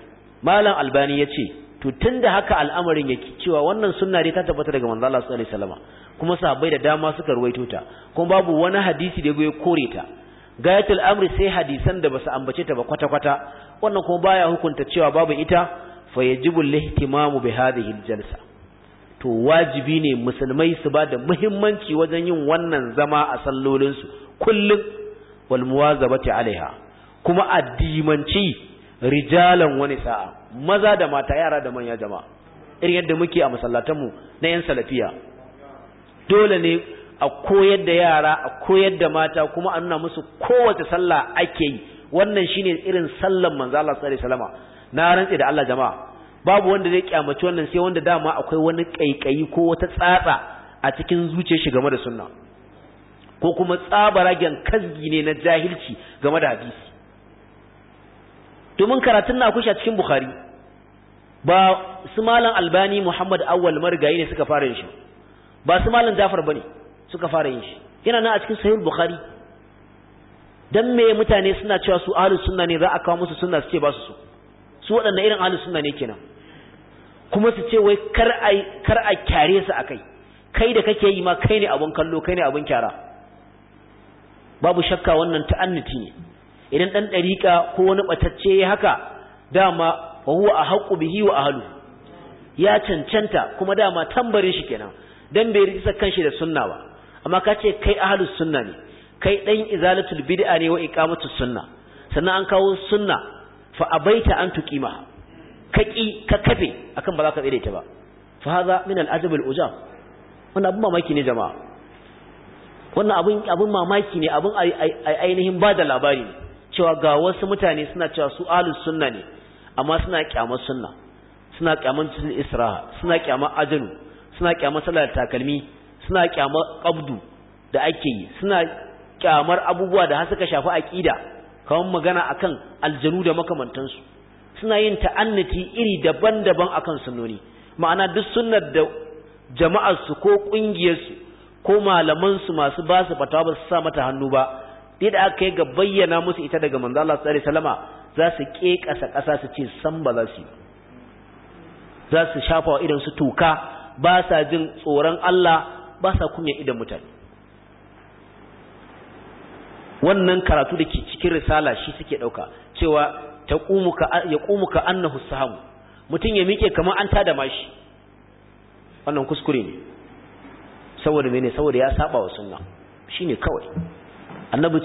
malam albani ya ce to tunda haka al'amarin yake cewa wannan sunna dai ta tabbata daga manzo Allah sallallahu alaihi wasallam kuma sahabbai da dama suka ruwaito ta kuma babu wani hadisi da ya kore ta gayatul amri sai hadisan da basu ambace ta ba kwata kwata wannan kuma baya hukunta cewa babu ita fa yajibu al-ihtimamu bi hadhihi jalsa to wajibi ne musulmai su ba da muhimmanci wajen yin wannan zama a su kullum wal muwazabati alaiha kuma addimanci rijalan wani sa'a maza da mata yara da manya jama'a irin yadda muke a masallatan mu na yan salafiya dole ne a koyar da yara a koyar da mata kuma a nuna musu kowace sallah ake yi wannan shine irin sallan manzo Allah sallallahu alaihi wasallama na rantsi da Allah jama'a babu wanda zai kyamaci wannan sai wanda dama akwai wani kaikayi ko wata tsatsa a cikin zuciyar shi game da sunna ko kuma tsabaragen kasgi ne na jahilci game da hadisi domin karatun na kushe a cikin bukhari ba su malam albani muhammad awwal marigayi ne suka fara yin shi ba su malam jafar bane suka fara yin shi yana nan a cikin sahih bukhari dan me mutane suna cewa su ahlus sunna ne za a kawo musu sunna su ce ba su su su waɗanne irin ahlus sunna ne kenan kuma su ce wai kar a kar a kyare su akai kai da kake yi ma kai ne abun kallo kai ne abun kyara babu shakka wannan ta'annati ne idan dan dariƙa ko wani batacce haka dama wa huwa ahqqu bihi wa ahlu ya cancanta kuma dama tambarin shi kenan dan bai rikisa kanshi da sunna ba amma ka ce kai ahlus sunna ne kai dan izalatul bid'a ne wa iqamatus sunna sannan an kawo sunna fa abaita an tuqima ka ki ka kafe akan ba za ka tsire ta ba fa hadha min al adab al ujab wannan abun mamaki ne jama'a wannan abun abun mamaki ne abun ainihin ba da labari cewa ga wasu mutane suna cewa su ahlus sunna ne amma suna kyamar sunna suna kyamar sun israha suna kyamar ajanu suna kyamar salar takalmi suna kyamar qabdu da ake yi suna kyamar abubuwa da har suka shafi aƙida kamar magana akan aljanu da makamantansu suna yin ta'annati iri daban-daban akan sunnoni ma'ana duk sunnar da jama'arsu su ko kungiyar ko malaman masu ba su fatawa ba su sa mata hannu ba dai da aka yi ga bayyana musu ita daga manzo Allah sallallahu za su ƙeƙasa ƙasa su ce san ba za su yi za su shafa wa idan su tuka ba sa jin tsoron Allah ba sa kunya idan mutane wannan karatu da ke cikin risala shi suke ɗauka cewa ya ƙumuka annahu sahamu mutum ya miƙe kamar an tada mashi wannan kuskure ne saboda mene saboda ya saba wa sunna shine kawai annabi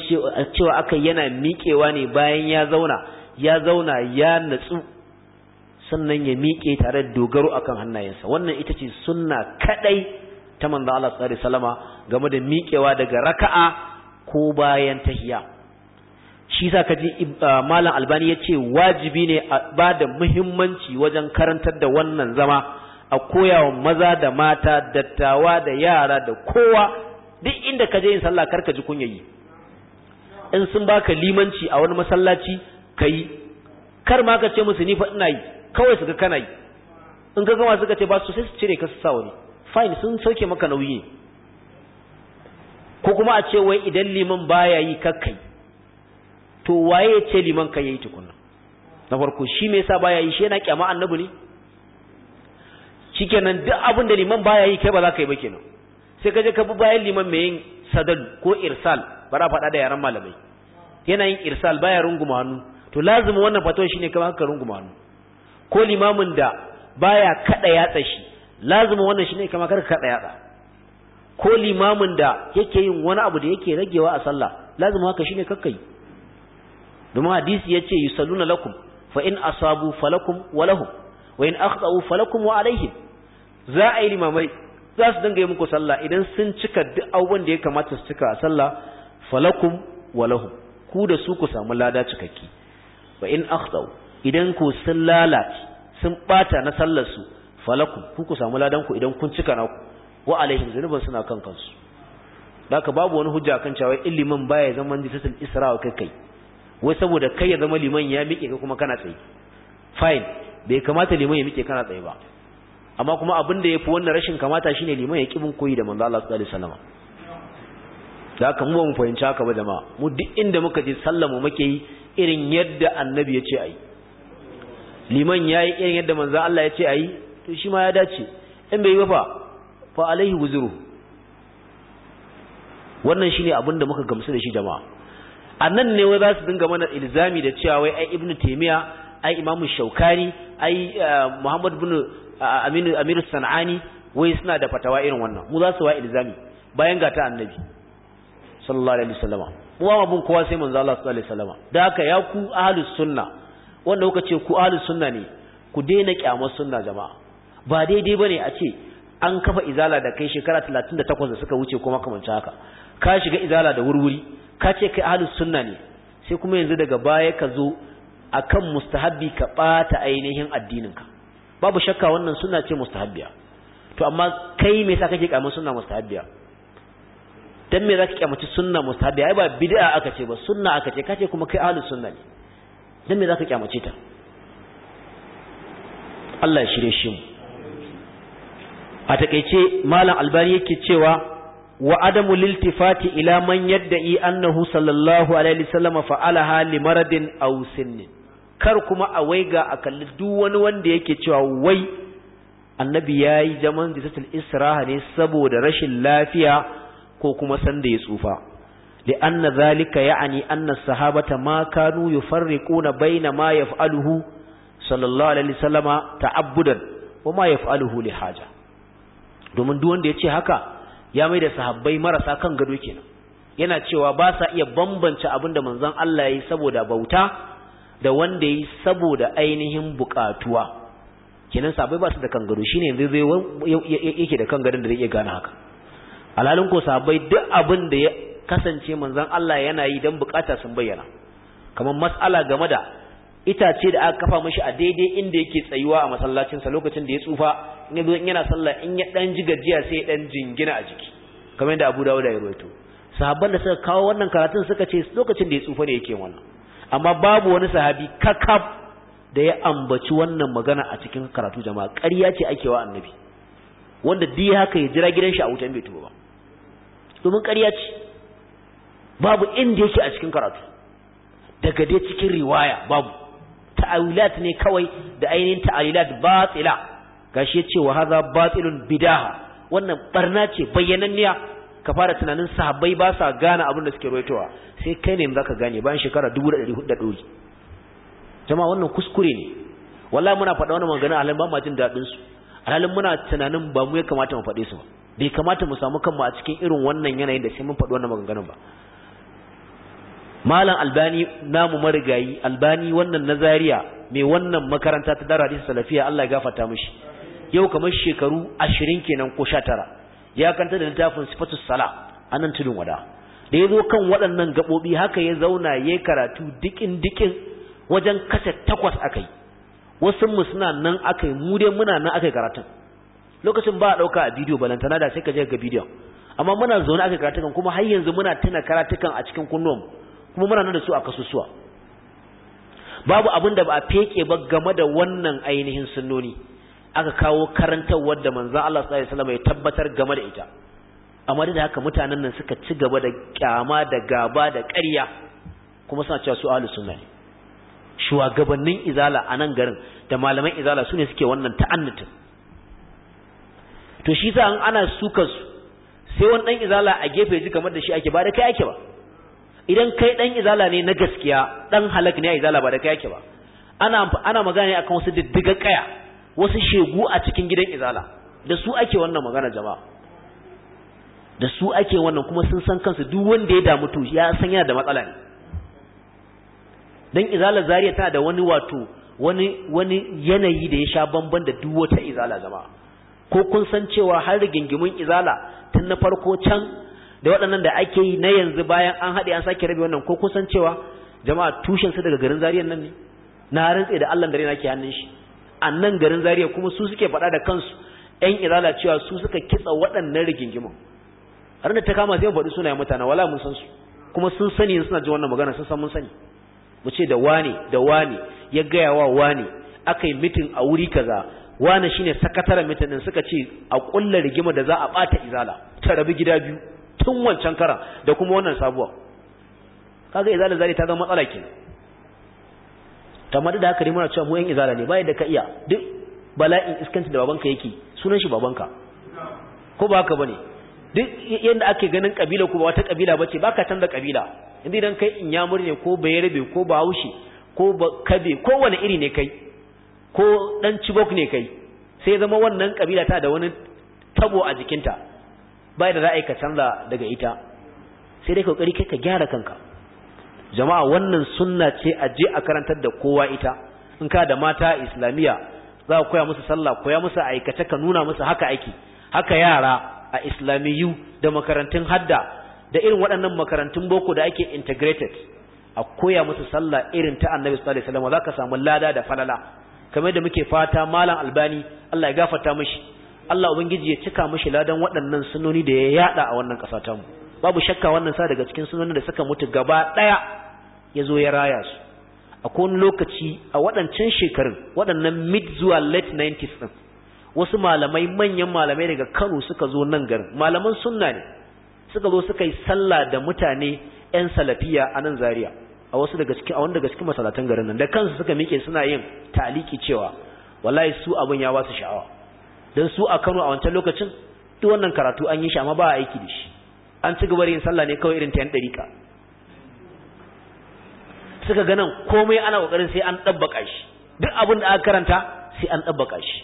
cewa aka yana miƙewa ne bayan ya zauna ya zauna ya natsu sannan ya miƙe tare da dogaro akan hannayensa wannan ita ce sunna kadai ta manzo Allah sallallahu alaihi wasallama game da miƙewa daga raka'a ko bayan tahiya shi yasa kaji uh, malam albani yace wajibi ne a da muhimmanci wajen karantar da wannan zama a koyawa maza da mata dattawa da yara da kowa duk inda kaje yin sallah karka ji kunyayi in sun baka limanci a wani masallaci kai kar ma ka ce musu ni fa ina yi kawai su ga kana yi in ka gama suka ce ba su sai su cire ka su sa wani fine sun sauke maka nauyi ko kuma a ce wai idan liman baya yi kakkai to waye ya ce liman ka yayi tukunna na farko shi me yasa baya yi shi yana kyama annabi ne shikenan duk abin da liman baya yi kai ba za ka yi ba kenan sai ka je ka bi bayan liman mai yin sadal ko irsal bara faɗa da yaran malamai yana yin irsal baya runguma hannu to lazima wannan fatawa shine kamar haka runguma hannu ko limamin da baya kada yatsa shi lazima wannan shine kamar kar kada yatsa ko limamin da yake yin wani abu da yake ragewa a sallah lazima haka shine kakkai domin hadisi yace yusalluna lakum fa in asabu falakum wa lahum wa in akhtau falakum wa alaihim za a yi limamai za su dinga yi muku sallah idan sun cika duk abubuwan da ya kamata su cika a sallah falakum wa lahum ku da su ku samu lada cikakke Fa in akhtau idan ku sun lalace sun bata na sallar su falaku ku ku samu ladan ku idan kun cika naku wa alaihim zunuban suna kan kansu haka babu wani hujja kan cewa illimin baya zaman jisatul isra wa kai kai wai saboda kai ya zama liman ya miƙe ka kuma kana tsaye fine bai kamata liman ya miƙe kana tsaye ba amma kuma abin da yafi wannan rashin kamata shine liman ya kibin koyi da manzo Allah sallallahu alaihi wasallam da haka mu ba mu fahimci haka ba jama'a mu duk inda muka je sallama muke yi irin yadda annabi ya ce a yi liman ya yi irin yadda manzan Allah ya ce a yi to shi ma ya dace in bai yi ba fa alaihi guzuru wannan shi ne abinda muka gamsu da shi jama'a a nan ne wai za su dinga mana ilzami da cewa wai ai ibnu taimiya ai imamu shaukani ai eh, muhammad bin eh, aminu amiru sanani wai suna da fatawa irin wannan mu za su wa ilzami bayan gata ta annabi sallallahu alaihi wasallama mu ba bin kowa sai manzo Allah sallallahu alaihi wasallam da haka ya ku ahlus sunna wanda kuka ce ku ahlus sunna ne ku daina kyamar sunna jama'a ba daidai bane a ce an kafa izala da kai shekara 38 da suka wuce kuma kamanta haka ka shiga izala da wurwuri ka ce kai ahlus sunna ne sai kuma yanzu daga baya ka zo akan mustahabbi ka bata ainihin ka babu shakka wannan sunna ce mustahabbiya to amma kai me yasa kake kyamar sunna mustahabbiya dan me zaka kyamaci sunna mustahabi ai ba bid'a aka ce ba sunna aka ce kace kuma kai ahlus sunna ne dan me zaka kyamace ta Allah ya shirye shi mu a takeice malam albani yake cewa wa adamu liltifati ila man yadda'i annahu sallallahu alaihi wasallam fa'alaha li maradin aw sinnin kar kuma a waiga a kalli duk wani wanda yake cewa wai annabi yayi zaman da jisatul israha ne saboda rashin lafiya ko kuma sanda ya tsufa li'anna zalika ya'ani anna sahabata ma kanu yufarriquna baina ma yaf'aluhu sallallahu alaihi wasallama ta'abbudan wa ma yaf'aluhu li haja domin duk wanda yace haka ya mai da sahabbai marasa kan gado kenan yana cewa ba sa iya bambance abin da manzon Allah yayi saboda bauta da wanda yayi saboda ainihin bukatuwa kenan sahabbai ba su da kan gado shine yanzu zai yake da kan gadon da zai iya gane haka alhalin ko sahabbai duk abin da ya kasance manzon Allah yana yi dan bukata sun bayyana kamar mas'ala game da itace da aka kafa mishi a daidai inda yake tsayuwa a masallacin sa lokacin da ya tsufa in zo in yana sallah in ya dan ji gajiya sai ya dan jingina a jiki kamar yadda Abu Dawud ya rawaito sahabban da suka kawo wannan karatun suka ce lokacin da ya tsufa ne yake wannan amma babu wani sahabi kakab da ya ambaci wannan magana a cikin karatu jama'a ƙarya ce ake wa annabi wanda dai haka ya jira gidan shi a wutan bai tuba ba domin ƙarya ce babu inda yake a cikin karatu daga dai cikin riwaya babu ta'awilat ne kawai da ainihin ta'awilat batila gashi yace wa hadha batilun bidaha wannan barna ce bayyananniya ka fara tunanin sahabbai ba sa gane abin da suke ruwaitowa sai kai ne zaka gane bayan shekara 1400 da dori jama'a wannan kuskure ne wallahi muna faɗa wannan magana alhalin ba ma jin daɗin su alhalin muna tunanin ba mu ya kamata mu faɗe su ba bai kamata mu samu kanmu a cikin irin wannan yanayin da sai mun faɗi wannan maganganun ba malam albani namu marigayi albani wannan na Zariya mai wannan makaranta ta dara hadisi salafiya Allah ya gafarta mishi yau kamar shekaru 20 kenan ko sha tara, ya kanta da littafin sifatus sala anan tudun wada da yazo kan waɗannan gabobi haka ya zauna yayi karatu dikin dikin wajen kaset takwas akai wasu mu suna nan akai mu dai muna nan akai karatun lokacin ba a ɗauka a bidiyo balantana da sai ka je ga bidiyon amma muna zaune aka karatukan kuma har yanzu muna tuna karatukan a cikin kunnuwan kuma muna nan da su a kasusuwa babu abin da ba a feke ba game da wannan ainihin sunnoni aka kawo karantarwar da manzo Allah sallallahu alaihi wasallam ya tabbatar game da ita amma da haka mutanen nan suka ci gaba da kyama da gaba da ƙarya kuma suna cewa su ahlus sunna ne shugabannin izala a nan garin da malaman izala sune suke wannan ta'annutin to shi sa an ana suka su sai wani dan izala a gefe ji kamar da shi ake ba da kai ake ba idan kai dan izala ne na gaskiya dan halak ne a izala ba da kai ake ba ana ana magana ne akan wasu diddiga kaya wasu shegu a cikin gidan izala da su ake wannan magana jama'a da su ake wannan kuma sun san kansu duk wanda ya damu to ya san yana da matsala ne dan izala zariya tana da wani wato wani wani yanayi da ya sha bamban da duk wata izala jama'a ko kun san cewa har rigingimun izala tun na farko can da waɗannan da ake yi na yanzu bayan an haɗe an sake rabe wannan ko kun san cewa jama'a tushen su daga garin zariyan nan ne na rantse da Allah dare nake hannun shi annan garin zariya kuma su suke faɗa da kansu ƴan izala cewa su suka kitsa waɗannan rigingimun har da ta kama sai mu faɗi sunayen mutane wala mun san su kuma sun sani suna ji wannan magana sun san mun sani mu ce da wane da wane ya gaya wa wane aka yi mitin a wuri kaza wani shine sakataren mitin suka ce a kulla rigima da za a bata izala ta rabi gida biyu tun wancan karan da kuma wannan sabuwa kaga izala zari ta zama matsala kenan tamma da haka ne cewa mu yan izala ne bayan da ka iya duk bala'in iskanci da babanka yake sunan shi babanka ko ba haka bane duk yanda ake ganin kabila ko ba wata kabila bace baka canza kabila inda idan kai inyamuri ne ko bayarabe ko bahaushe ko kabe ko wani iri ne kai ko dan cibok ne kai sai zama wannan kabila ta da wani tabo a jikinta bai da za ka canza daga ita sai dai kokari kai ka gyara kanka jama'a wannan sunna ce a je a karantar da kowa ita in ka da mata islamiyya za ka koya musu sallah koya musu aikace ka nuna musu haka aiki haka yara a islamiyu da makarantun hadda da irin waɗannan makarantun boko da ake integrated a koya musu sallah irin ta annabi sallallahu alaihi wasallam za ka samu lada da falala kamar da muke fata malam albani Allah ya gafarta mishi Allah ubangiji ya cika mishi ladan waɗannan sunoni da ya yada a wannan ƙasa ta mu babu shakka wannan sa daga cikin sunonin da suka mutu gaba ɗaya ya zo ya raya su a kowane lokaci a waɗancan shekarun waɗannan mid zuwa late 90s ɗin wasu malamai manyan malamai daga Kano suka zo nan garin malaman sunna ne suka zo suka yi sallah da mutane 'yan salafiya a nan Zaria a wasu daga cikin a wanda daga cikin masalatan garin nan da kansu suka mike suna yin taliki cewa wallahi su abun ya wasu sha'awa dan su a Kano a wancan lokacin duk wannan karatu an yi shi amma ba a aiki da shi an ci gaba da yin sallah ne kawai irin ta yan dariƙa suka ga nan komai ana kokarin sai an dabbaka shi duk abin da aka karanta sai an dabbaka shi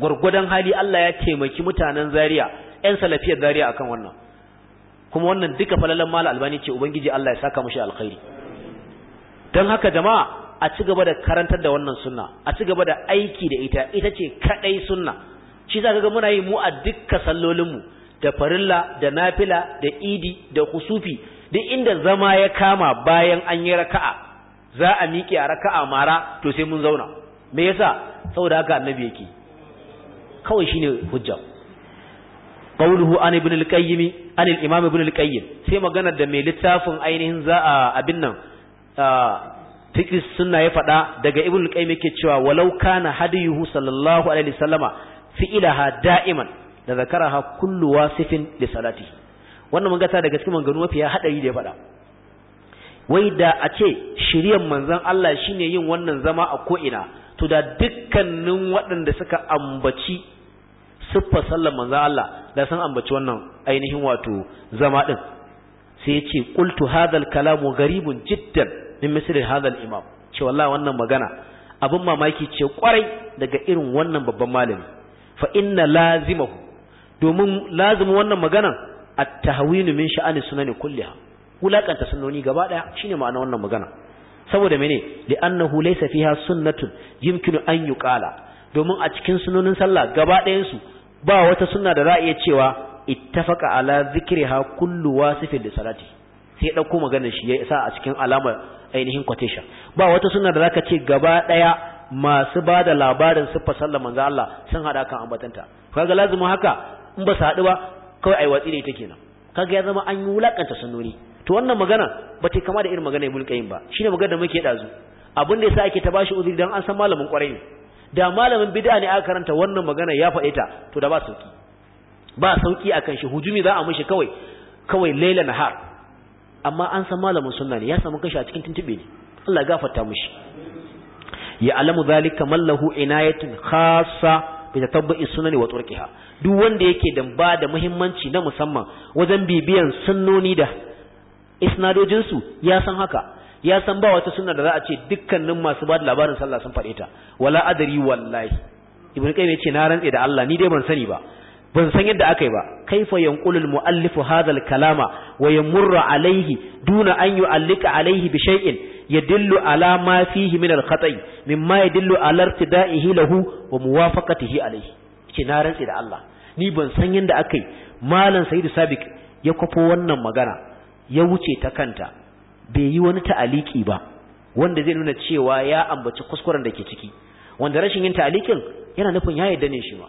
gurgudan hali Allah ya taimaki mutanen Zaria ƴan salafiyar Zaria akan wannan kuma wannan duka falalan mala albani ce ubangiji Allah ya saka mushi alkhairi don haka jama'a a ci gaba da karantar da wannan sunna a ci gaba da aiki da ita ita ce kadai sunna shi za ga muna yi mu a dukkan sallolinmu da farilla da nafila da idi da kusufi duk inda zama ya kama bayan an yi raka'a za a miƙe a raka'a mara to sai mun zauna me yasa saboda haka annabi yake kawai shine hujja qawluhu an ibn al-qayyim an al-imam ibn al-qayyim sai magana da mai littafin ainihin za a abin nan fikis sunna ya faɗa daga ibnu kai yake cewa walau kana hadiyuhu sallallahu alaihi wasallama fi'ilaha da'iman da zakaraha kullu wasifin li salati wannan mun gata daga cikin manganu mafiya hadari da ya faɗa wai da a ce shiryan manzon Allah shine yin wannan zama a ko ina to da dukkanin waɗanda suka ambaci siffar sallar manzon Allah da san ambaci wannan ainihin wato zama din sai ce kultu hadal kalamu garibun jiddan min misli hadal imam ce wallahi wannan magana abin mamaki ce kwarai daga irin wannan babban malami fa inna lazimahu domin lazimin wannan magana at-tahwinu min sha'ani sunani kulliha wulakanta sunnoni gaba daya shine ma'ana wannan magana saboda mene annahu laysa fiha sunnatun yumkinu an yuqala domin a cikin sunonin sallah gaba dayan su ba wata sunna da za a iya cewa ittafaqa ala zikriha kullu wasifin li salati sai dauko maganar shi ya sa a cikin alamar ainihin quotation ba wata sunna da zaka ce gaba daya masu ba da labarin siffar sallar manzo Allah sun hada kan ambatanta kaga lazumi haka in ba su hadu ba kawai ai watsi ne take nan kaga ya zama an yi wulakanta sunnoni to wannan magana ba ta kama da irin magana Ibn Qayyim ba shine magana da muke dazu abin da yasa ake ta bashi uzuri dan an san malamin kwarai da malamin bid'a ne aka karanta wannan magana ya faɗe ta to da ba sauki ba sauki a kan shi hujumi za a mishi kawai kawai laila nahar amma an san malamin sunna ne ya samu kashi a cikin tuntube ne Allah gafarta mishi ya alamu zalika mallahu inayatun khassa bi tatabbu'i sunnani wa turqiha duk wanda yake da ba da muhimmanci na musamman wajen bibiyan sunnoni da isnadojin su ya san haka ya san ba wata sunna da za a ce dukkanin masu ba da labarin sallah sun faɗe ta wala adari wallahi ibnu qayyim yace na rantse da Allah ni dai ban sani ba ban san yadda aka yi ba kaifa yanqulul muallifu hadha kalama wa yamurru alayhi duna an yu'allika alayhi bi shay'in yadullu ala ma fihi min al-khata'i mimma yadullu ala irtida'ihi lahu wa muwafaqatihi alayhi ce na rantsi da Allah ni ban san yadda aka yi malam sayyidu sabiq ya kwafo wannan magana ya wuce ta kanta bai yi wani ta'aliki ba wanda zai nuna cewa ya ambaci kuskuren da ke ciki wanda rashin yin ta'alikin yana nufin ya yarda ne shi ma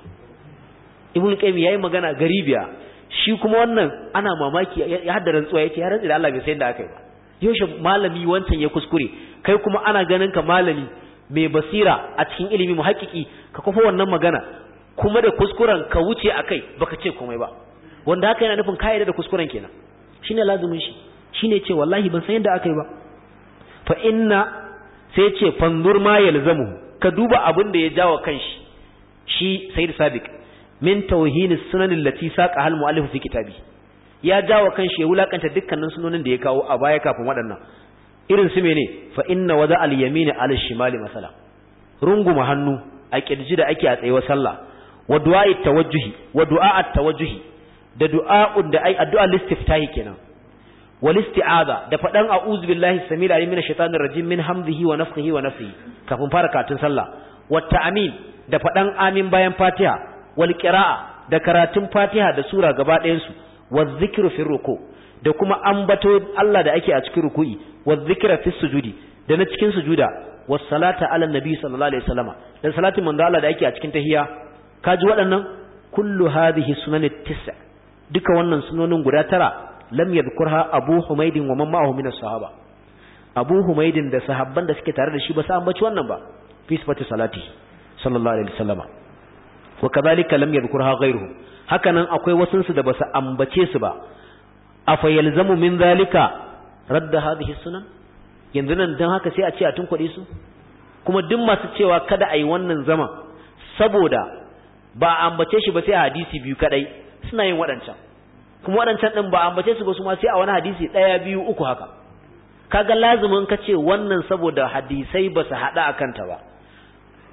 ibnu qayyim yayi magana garibiya shi kuma wannan ana mamaki ya haddara rantsuwa yace ya rantsi da Allah bai san da akai ba yaushe malami wancan ya kuskure kai kuma ana ganin ka malami mai basira a cikin ilimi muhakkiki ka kafa wannan magana kuma da kuskuren ka wuce akai baka ce komai ba wanda haka yana nufin kai da kuskuren kenan shine lazumin shi shine ce wallahi ban san yadda akai ba fa inna sai ce fanzur ma yalzamu ka duba abin da ya jawo kanshi shi sayyid sabiq min tauhini sunanin lati saqa hal mu'allif fi kitabi ya jawo kanshi ya wulakanta dukkanin sunonin da ya kawo a baya kafin waɗannan irin su mene fa inna wada al yamini al shimali masala runguma hannu a kirji da ake a wa sallah wa du'a tawajjuhi wa du'a at tawajjuhi da du'a'un da ai addu'a listiftahi kenan wal isti'aza da fadan a'udhu billahi samil alim minash shaitanir rajim min hamdihi wa nafthihi wa nafsihi kafin fara katin sallah wa ta'amin da fadan amin bayan fatiha Walƙira'a da karatun fatiha da sura gaba ɗayansu su wa zikru fi ruku da kuma ambato Allah da ake a cikin ruku'i wa zikra fi sujudi da na cikin sujuda wa salata ala nabi sallallahu alaihi wasallama da salatin manzo Allah da ake a cikin tahiya kaji waɗannan kullu hadhihi sunan tis'a duka wannan sunonin guda tara lam yadhkurha abu humaydin wa man ma'ahu min as-sahaba abu humaydin da sahabban da suke tare da shi ba su ambaci wannan ba fi sifati salati sallallahu alaihi wasallama wa kadhalika lam yadhkurha ghayruhum hakanan akwai wasun da basu ambace su ba afa yalzamu min zalika radda hadhihi sunan yanzu nan dan haka sai a ce a tun kwade su kuma duk masu cewa kada a yi wannan zama saboda ba a ambace shi ba sai a hadisi biyu kadai suna yin waɗancan kuma waɗancan ɗin ba a ambace su ba su ma sai a wani hadisi ɗaya biyu uku haka kaga lazumin ka ce wannan saboda hadisai ba su haɗa a kanta ba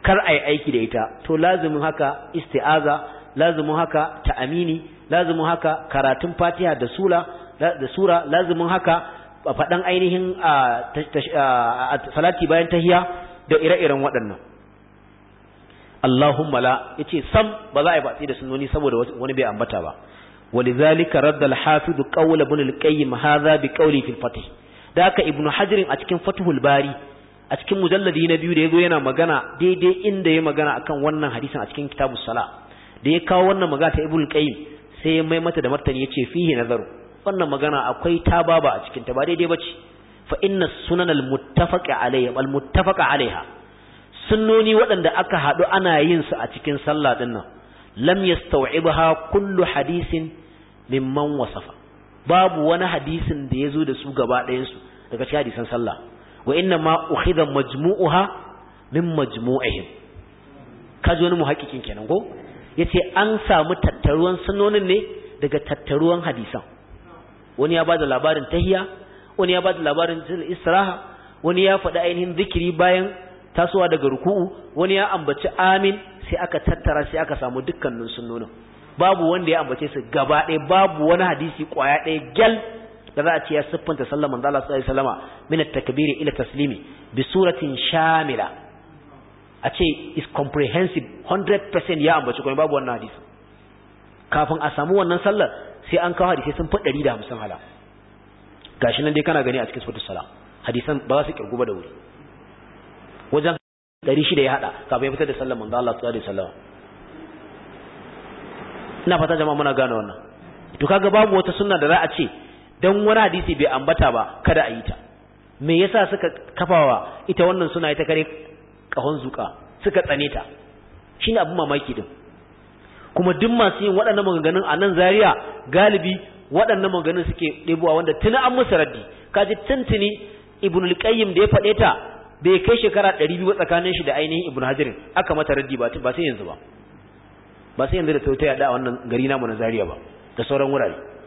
kar a yi aiki da ita to lazumin haka isti'aza lazumin haka ta'amini lazumin haka karatun fatiha da sura da sura lazumin haka faɗan ainihin salati bayan tahiya da ire-iren waɗannan Allahumma la yace sam ba za a yi batsi da sunoni saboda wani bai ambata ba ولذلك رد الحافظ قول ابن القيم هذا بقوله في الفتح ذاك ابن حجر a cikin fathul bari a cikin mujalladi na biyu da yazo yana magana daidai inda ya magana akan wannan hadisin a cikin kitabus sala da ya kawo wannan magana ta ibul qayyim sai ya mai mata da martani yace fihi nazaru wannan magana akwai baba a cikin ta ba daidai bace fa inna sunan al muttafaqa alayha al muttafaqa alaiha sunnoni waɗanda aka haɗu ana yin su a cikin sallah din nan lam yastaw'ibha kullu hadisin mimman wasafa babu wani hadisin da ya zo da su gaba ɗayan su daga cikin hadisan sallah wa inna ma ukhidha majmu'uha min majmu'ihim kaji wani muhaqqiqin kenan ko yace an samu tattaruwan sunonin ne daga tattaruwan hadisan wani ya bada labarin tahiya wani ya bada labarin israha wani ya faɗi ainihin zikiri bayan tasowa daga ruku'u wani ya ambaci amin sai aka tattara sai aka samu dukkanin sunnonin babu wanda ya ambace su gaba ɗaya babu wani hadisi ƙwaya ɗaya gyal da za a ce ya siffanta sallar manzo Allah sallallahu alaihi wasallama min at-takbiri ila taslimi bi suratin shamila a ce is comprehensive 100% ya ambaci kuma babu wannan hadisi kafin a samu wannan sallar sai an kawo hadisi sun fi 150 hala gashi nan dai kana gani a cikin suratul salam hadisan ba za su kirgu ba da wuri wajen 600 ya hada kafin ya fitar da sallar manzo Allah sallallahu alaihi wasallama ina fata jama'a muna gane wannan to kaga babu wata sunna da za a ce dan wani hadisi bai ambata ba kada a yi ta me yasa suka kafawa ita wannan suna ita kare kahon zuka suka tsane ta shine abin mamaki din kuma duk masu yin waɗannan maganganun a nan Zariya galibi waɗannan maganganun suke ɗebuwa wanda tuni an musu raddi kaji tuntuni ibnu alqayyim da ya faɗe ta bai kai shekara 200 tsakanin shi da ainihin ibnu Hajar aka mata raddi ba ba sai yanzu ba ba sai yanzu da ta yaɗa a wannan gari namu na Zariya ba da sauran wurare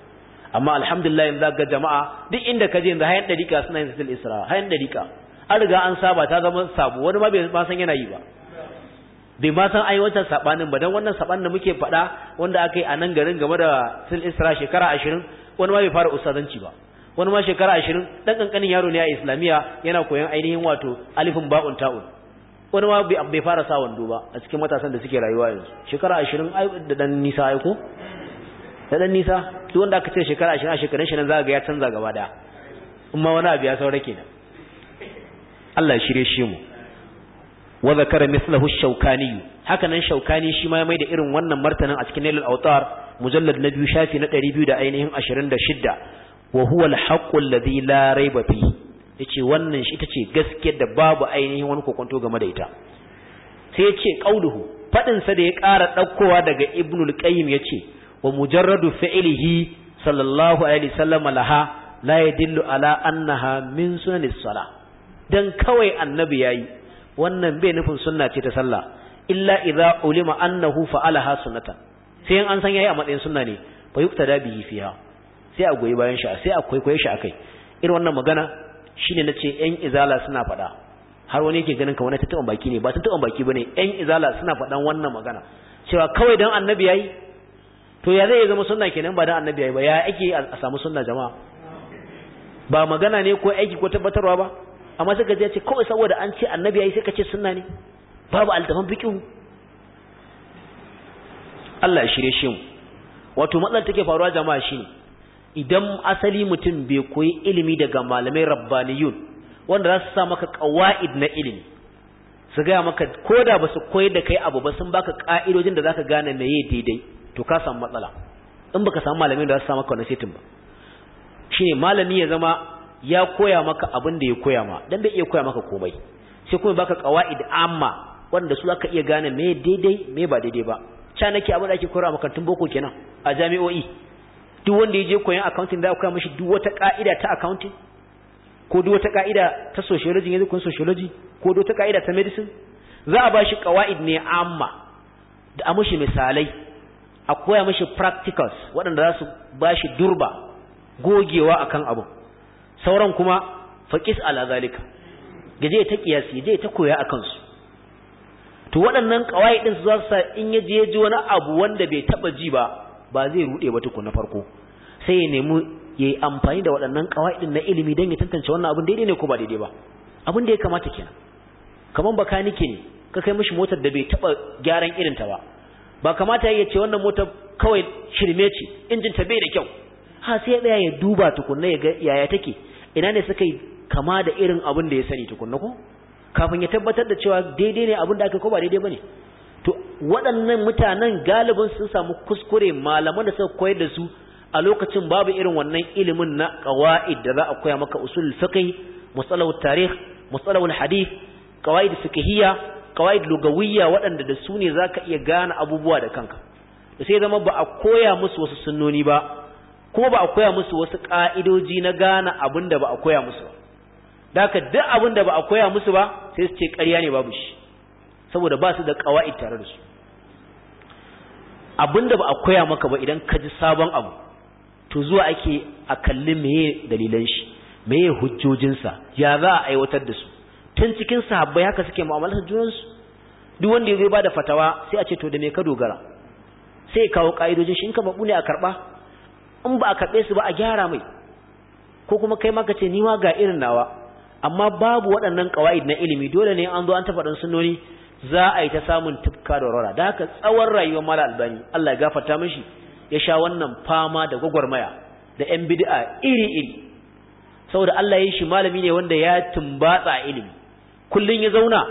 amma alhamdulillah yanzu ga jama'a duk inda ka je yanzu hayan dariƙa suna yin sil isra hayan dariƙa an riga an saba ta zama sabo wani ma bai san yana yi ba bai ma san ai wancan sabanin ba dan wannan sabanin da muke faɗa wanda aka yi a nan garin game da sil isra shekara 20 wani ma bai fara ustazanci ba wani ma shekara 20 dan kankanin yaro ne a islamiyya yana koyon ainihin wato alifin ba'un ta'un wani ma bai fara sa wando ba a cikin matasan da suke rayuwa yanzu shekara 20 da dan nisa ai da dan nisa duk wanda aka ce shekara 20 a shekarun shi nan zaka ga ya canza gaba da amma wani abu ya saura kenan Allah shirye shi mu wa zakara mithluhu ash-shawkani haka nan shawkani shi ma ya mai da irin wannan martanin a cikin nailul awtar mujallad na biyu shafi na 200 da ainihin 26 wa huwa alhaqqu alladhi la rayba fi yace wannan shi ita ce gaskiyar da babu ainihin wani kokonto game da ita sai yace qauluhu fadin sa da ya ƙara daukowa daga ibnul qayyim yace wa mujarradu fi'lihi sallallahu alaihi wasallam laha la yadullu ala annaha min sunanis salah dan kawai annabi yayi wannan bai nufin sunna ce ta sallah illa idza ulima annahu fa'alaha sunnatan sai an san yayi a matsayin sunna ne fa yuktada bihi fiha sai a goyi bayan shi sai a kwaikwaye shi akai irin wannan magana shine nace yan izala suna faɗa har wani yake ganin ka wani tattaɓa baki ne ba tattaɓa baki bane yan izala suna faɗan wannan magana cewa kawai dan annabi yayi to ya zai zama sunna kenan ba da annabi yayi ba ya ake a samu sunna jama'a ba magana ne ko aiki ko tabbatarwa ba amma sai ka ce kawai saboda an ce annabi yayi sai ka ce sunna ne babu altaman bikin? Allah ya shirye shi mu wato matsalar take faruwa jama'a shine idan asali mutum bai koyi ilimi daga malamai rabbaniyun wanda za su sa maka qawaid na ilimi su gaya maka koda ba su koyar da kai abu ba sun baka ka'idojin da zaka gane ya daidai to ka samu matsala in baka samu malamin da za su sa maka wannan setin ba shine malami ya zama ya koya maka abin da ya koya ma dan bai iya koya maka komai sai kuma baka qawaid amma wanda su zaka iya gane me daidai me ba daidai ba cha nake abin da ake koyarwa makarantun boko kenan a jami'o'i duk wanda ya je koyan accounting za a koya mishi duk wata ka'ida ta accounting ko duk wata ka'ida ta sociology yanzu kun sociology ko duk wata ka'ida ta medicine za a bashi qawaid ne amma da a mishi misalai a koya mashi practicals waɗanda za su ba shi durba gogewa a kan abu sauran kuma faƙis ala zalika gaje ta kiyasi gaje ta koya a kansu to waɗannan ƙawai din za su sa in ya je ji wani abu wanda bai taɓa ji ba ba zai rude ba tukun na farko sai ya nemi ya yi amfani da waɗannan ƙawai ɗin na ilimi don ya tantance wannan abin daidai ne ko ba daidai ba abin da ya kamata kenan kamar bakanike ne ka kai mashi motar da bai taɓa gyaran irinta ba ba kamata ya ce wannan mota kawai shirme ce injin ta bai da kyau ha sai ya ya duba tukunna ya ga yaya take ina ne suka kama da irin abin da ya sani tukunna ko kafin ya tabbatar da cewa daidai ne abin da aka ko ba daidai bane to waɗannan mutanen galibin sun samu kuskure malaman da suka koyar da su a lokacin babu irin wannan ilimin na qawaid da za a koya maka usul fiqh musalahu tarikh musalahu hadith qawaid fiqhiyya kawaid lugawiyya waɗanda da su ne zaka iya gane abubuwa da kanka da sai zama ba a koya musu wasu sunnoni ba kuma ba a koya musu wasu ka'idoji na gane abin da ba a koya musu ba ka duk abin ba a koya musu ba sai su ce ƙarya ne babu shi saboda ba su da ƙawa'id tare da su abin ba a koya maka ba idan ka ji sabon abu to zuwa ake a kalli meye dalilan shi meye hujjojinsa ya za a aiwatar da su tun cikin sahabbai haka suke mu'amalar junansu duk wanda ya zo ba da fatawa sai a ce to da me ka dogara sai kawo ka'idojin shi in ka babu ne a karɓa? in ba a karɓe su ba a gyara mai ko kuma kai ma ka ce ni ma ga irin nawa amma babu waɗannan kawaid na ilimi dole ne an zo an ta faɗin sunnoni za a yi ta samun tufka da rora da haka tsawon rayuwar mala albani Allah ya gafarta mishi ya sha wannan fama da gwagwarmaya da yan bid'a iri iri saboda Allah ya yi shi malami ne wanda ya tumbatsa ilimi kullun ya zauna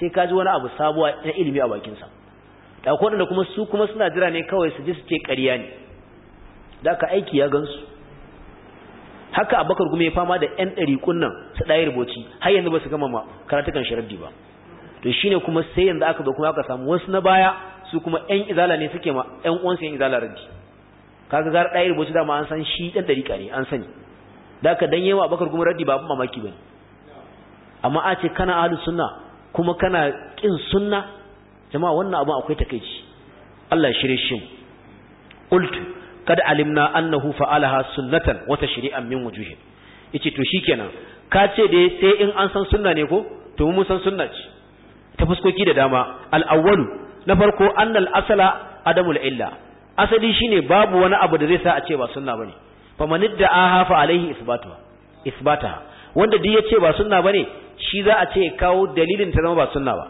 sai ka ji wani abu sabuwa na ilimi a bakinsa da ko da kuma su kuma suna jira ne kawai su ji su ce ƙarya ne da ka aiki ya gansu haka abakar kuma ya fama da yan ɗariƙun nan su ɗaya rubuci har yanzu ba su gama ma karatukan sharaddi ba to shine kuma sai yanzu aka zo kuma aka samu wasu na baya su kuma yan izala ne suke ma yan uwansu yan izala raddi kaga gar ɗaya rubuci dama an san shi ɗan ɗariƙa ne an sani da ka dan yawa abakar kuma raddi ba mamaki bane amma a ce kana ahlus sunna kuma kana kin sunna jama'a wannan abu akwai takeici Allah ya shirye shi qultu kad alimna annahu fa'alaha sunnatan wa tashri'an min wujuhin yace to shikenan ka ce dai sai in an san sunna ne ko to mun san sunna ce ta fuskoki da dama al-awwalu na farko annal asala adamul illa asali shine babu wani abu da zai sa a ce ba sunna bane famanid da aha fa alaihi isbatu isbataha wanda duk ce ba sunna bane shi za a ce kawo dalilin ta zama ba sunna ba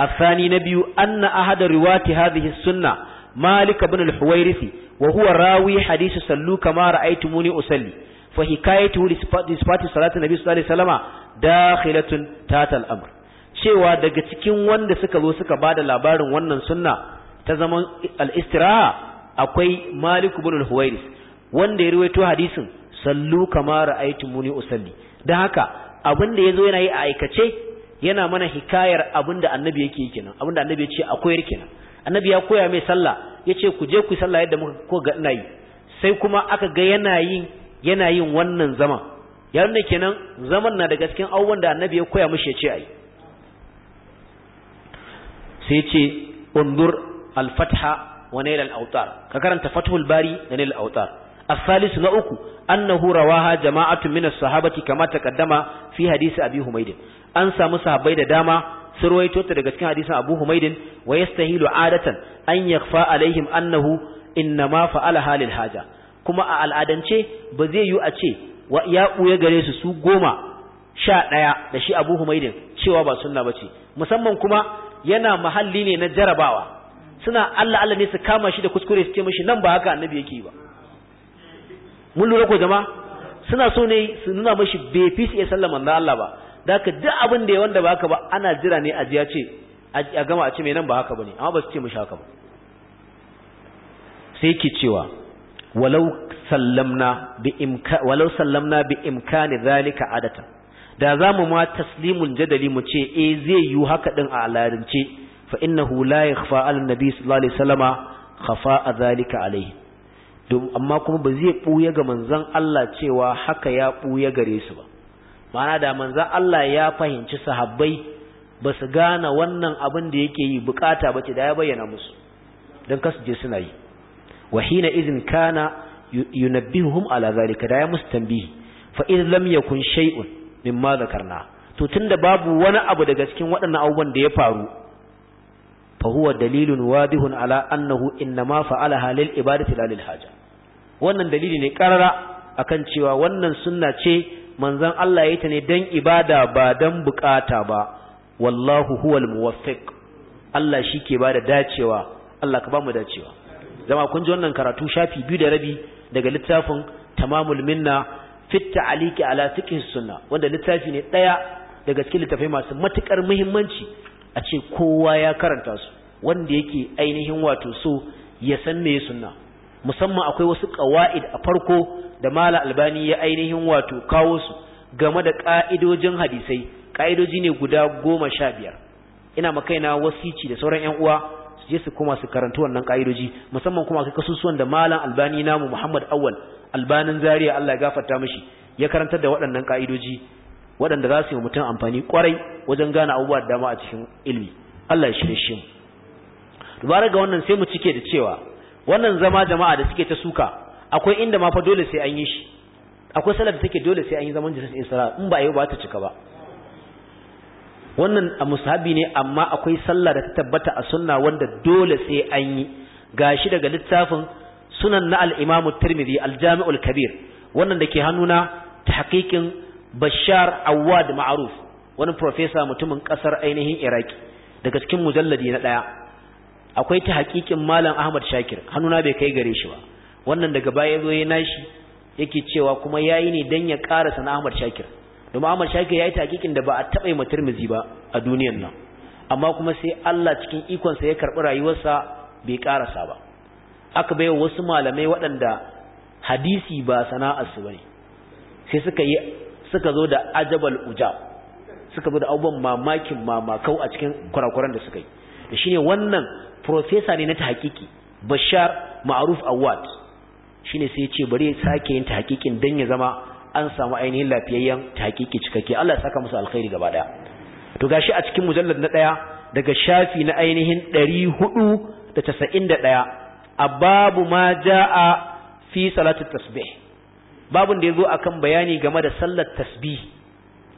الثاني نبي أن أحد رواة هذه السنة مالك بن الحويرث وهو راوي حديث سلو كما رأيتموني أسلي فحكايته لإثبات صلاة النبي صلى الله عليه وسلم داخلة تحت الأمر cewa daga cikin wanda suka zo suka bada labarin wannan sunna ta zaman al-istiraha akwai Malik ibn al wanda ya ruwaito hadisin sallu kama usalli haka abin da ya zo yana yi a aikace yana mana hikayar abin da annabi yake kenan abin da annabi ya ce akwai kenan annabi ya koya mai sallah ya ce ku je ku sallah yadda muka ko ga ina yi sai kuma aka ga yana yin yana yin wannan zaman ya nuna kenan zaman na daga cikin abubuwan da annabi ya koya mishi ya ce ai sai ce undur al-fatha wa nail al-awtar ka karanta fathul bari da nail al-awtar الثالث نأكو أنه رواها جماعة من الصحابة كما تقدم في حديث أبي هميد أنسى مصحبي داما سرويتو تدقتك حديث أبو هميد ويستهيل عادة أن يخفى عليهم أنه إنما فعلها للحاجة كما الأدنشي بذيو أتشي ويأو يغريس سو قوما sha ɗaya da shi abu humaidin cewa ba sunna ba ce musamman kuma yana mahalli ne na jarabawa suna Allah Allah ne su kama shi da kuskure su ce mishi nan ba haka annabi yake ba mun lura ko jama'a suna so ne su nuna mashi bai fi su iya sallama na Allah ba da haka duk abin da ya wanda ba haka ba ana jira ne a jiya ce a gama a ce mai nan ba haka bane amma ba su ce mashi haka ba sai ke cewa walau sallamna bi imka walau sallamna bi imkani zalika adatan da zamu ma taslimun jadali mu ce eh zai yi haka din a alarance fa innahu la yakhfa ala nabi sallallahu alaihi wasallama khafa zalika alaihi don amma kuma ba zai ɓuya ga manzan Allah cewa haka ya ɓuya gare su ba ma'ana da manzan Allah ya fahimci sahabbai ba su gane wannan abin da yake yi bukata ba ce da ya bayyana musu don kasu je suna yi wahina izin kana yunabbihuhum ala zalika da ya musu tambihi fa in lam yakun shay'un mimma zakarna to tunda babu wani abu daga cikin waɗannan abubuwan da ya faru fa huwa dalilun wadihun ala annahu innama fa'alaha lil ibadati la lil haja wannan dalili ne karara akan cewa wannan sunna ce manzon Allah ya ta ne dan ibada ba dan bukata ba wallahu huwal muwaffiq Allah shike bada dacewa Allah ka bamu dacewa zama kun ji wannan karatu shafi biyu da rabi daga littafin tamamul minna fi ta'liqi ala fiqh sunna wanda littafi ne daya daga cikin littafai masu matukar muhimmanci a ce kowa ya karanta su wanda yake ainihin wato so ya san me sunna musamman akwai wasu ƙawa'id a farko da mala albani ya ainihin wato kawo su game da ƙa'idojin hadisai ƙa'idoji ne guda goma sha biyar ina makaina wasici da sauran yan uwa su je su kuma su karanta wannan ƙa'idoji musamman kuma akwai kasusuwan da malam albani namu muhammad awwal albanin zaria allah ya gafarta mishi ya karantar da waɗannan ƙa'idoji waɗanda za su yi mutum amfani ƙwarai wajen gane abubuwa da dama a cikin ilmi allah ya shirye shi mu dubara ga wannan sai mu cike da cewa wannan zama jama'a da suke ta suka akwai inda ma fa dole sai an yi shi akwai salat da take dole sai an yi zaman jilis isra in ba a yi ba ta cika ba wannan a musahabi ne amma akwai sallah da ta tabbata a sunna wanda dole sai an yi gashi daga littafin sunan na al-imam at-tirmidhi al-jami'ul kabir wannan da ke hannuna tahqiqin bashar awad ma'ruf wani professor mutumin kasar ainihin iraki daga cikin mujalladi na daya akwai ta haƙiƙin malam Ahmad Shakir hannuna bai kai gare shi ba wannan daga baya zo ya nashi yake cewa kuma yayi ne dan ya ƙara sana Ahmad Shakir domin Ahmad Shakir yayi ta haƙiƙin da ba a taɓa yi mutirmizi ba a duniyar nan amma kuma sai Allah cikin ikon sa ya karɓi rayuwarsa bai karasa ba aka baiwa wasu malamai waɗanda hadisi ba sana'ar su ne sai suka yi suka zo da ajabal uja suka zo da abubuwan mamakin mamakau a cikin kurakuran da suka yi da shine wannan professor ne na tahqiqi Bashar Ma'ruf Awad shine sai ya ce bari ya sake yin tahqiqin dan ya zama an samu ainihin lafiyayyen tahqiqi cikakke Allah ya saka musu alkhairi gaba daya to gashi a cikin mujallar na daya daga shafi na ainihin da 491 a babu ma jaa fi salatu tasbih babun da ya yazo akan bayani game da sallar tasbih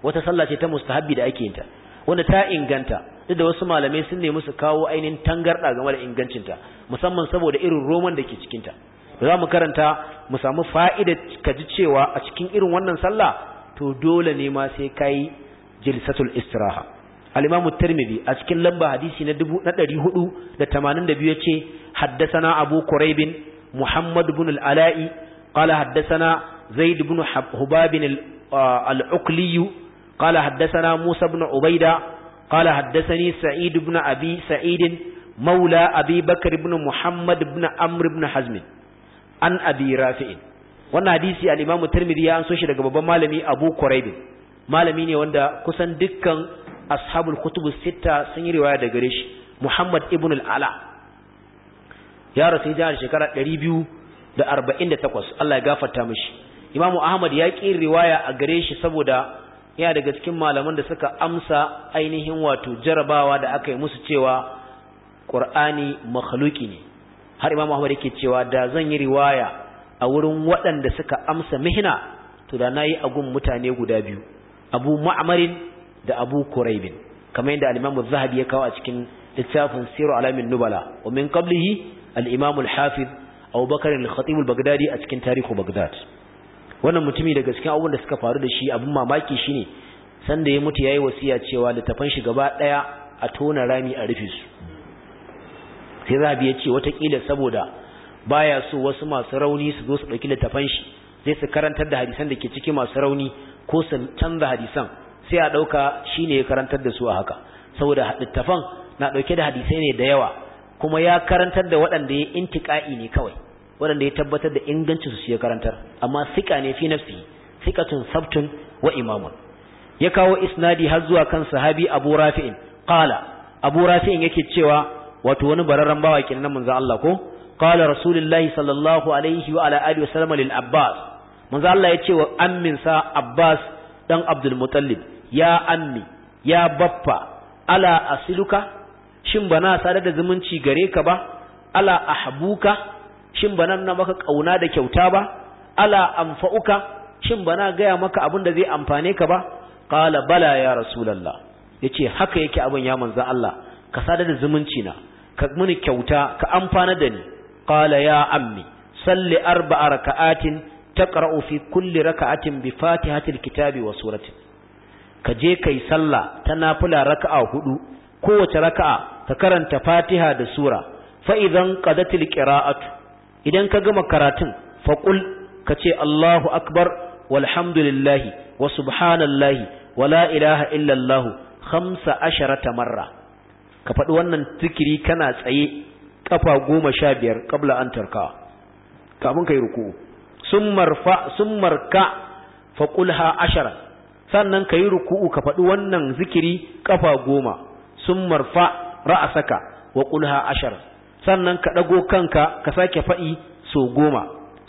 wata sallah ce ta mustahabbi da ake yinta wanda ta inganta duk da wasu malamai sun nemi su kawo ainihin tangarɗa game da ingancinta musamman saboda irin roman da ke cikinta da za mu karanta mu samu fa'ida ka ji cewa a cikin irin wannan sallah to dole ne ma sai ka yi jilsatul istiraha al-imamu a cikin lamba hadisi na 482 yace haddathana abu quraib muhammad bin al-ala'i qala haddathana zaid bin hubab ah, al-uqli qala haddathana musa bin ubaida قال حدثني سعيد بن أبي سعيد مولى أبي بكر بن محمد بن أمر بن حزم عن أبي رافع wannan hadisi al-Imam Tirmidhi ya anso shi daga babban malami Abu Quraib malami ne wanda kusan dukkan ashabul kutub sita sun yi riwaya daga gare shi Muhammad ibn al-Ala ya rasu hijira shekara 248 Allah ya gafarta mishi Imam Ahmad ya ƙi riwaya a gare shi saboda yana daga cikin malaman da suka amsa ainihin wato jarabawa da aka yi musu cewa ƙur'ani makhluki ne har imam ahmad yake cewa da zan yi riwaya a wurin waɗanda suka amsa mihna to da yi agun mutane guda biyu abu ma'marin da abu kuraibin. kamar yadda al zahabi ya kawo a cikin littafin siru alamin nubala wa min qablihi al-imam al-hafiz abubakar al-khatib al-baghdadi a cikin tarihu baghdad wannan mutumi daga cikin abubuwan da suka faru da shi abin mamaki shi ne sanda ya mutu ya yi wasiya cewa littafan shi gaba daya a tona rami a rufe su sai Rabi ya ce watakila saboda baya so wasu masu rauni su zo su dauki littafan shi zai su karantar da hadisan da ke ciki masu rauni ko su canza hadisan sai a dauka shine ya karantar da su a haka saboda littattafan na dauke da hadisai ne da yawa kuma ya karantar da waɗanda ya intiƙa'i ne kawai waɗanda ya tabbatar da ingancin su karantar amma sika ne fi nafsi sikatun sabtun wa imamun ya kawo isnadi har zuwa kan sahabi Abu Rafi'in qala Abu Rafi'in yake cewa wato wani bararren bawa kenan manzo Allah ko qala rasulullahi sallallahu alaihi wa ala alihi wasallam lil Abbas manzo Allah ya ce wa ammin sa Abbas dan Abdul Muttalib ya ammi ya baffa ala asiluka shin bana sadar da zumunci gare ka ba ala ahbuka shin bana na maka kauna da kyauta ba ala anfa'uka shin ba na gaya maka abin da zai amfane ka ba qala bala ya rasulullah yace haka yake abin ya manzo Allah ka sadar da zumunci na ka muni kyauta ka amfana da ni qala ya ammi salli arba'a raka'atin taqra'u fi kulli raka'atin bi fatihatil kitabi wa suratin ka je kai sallah ta nafila raka'a hudu kowace raka'a ka karanta fatiha da sura fa idan qadatil qira'atu idan ka gama karatun faƙul ka ce Allahu akbar walhamdulillahi wa subhanallahi wa la ilaha illallahu hamsa asharata marra ka faɗi wannan zikiri kana tsaye ƙafa goma sha biyar kabla an tarka kamun ka yi ruku sun marka faƙul ha ashara sannan ka yi ruku'u ka faɗi wannan zikiri ƙafa goma sun marfa ra'asaka wa ƙulha ashara sannan ka ɗago kanka ka sake faɗi so goma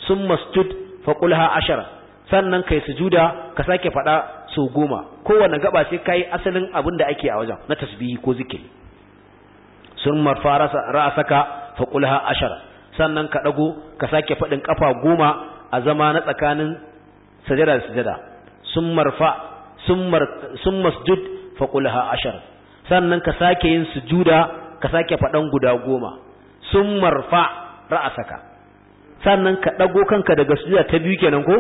sun mastud faƙulha ashara sannan ka yi sujuda ka sake faɗa so goma kowane gaba sai ka yi asalin abin da ake a wajen na tasbihi ko zikiri sun marfa ra'asaka faƙulha ashara sannan ka ɗago ka sake faɗin ƙafa goma a zama na tsakanin sajada da sajada sun marfa sun masjud faƙulha ashara sannan ka sake yin sujuda ka sake faɗan guda goma sun marfa ra'asaka sannan ka ɗago kanka daga sujuda ta biyu kenan ko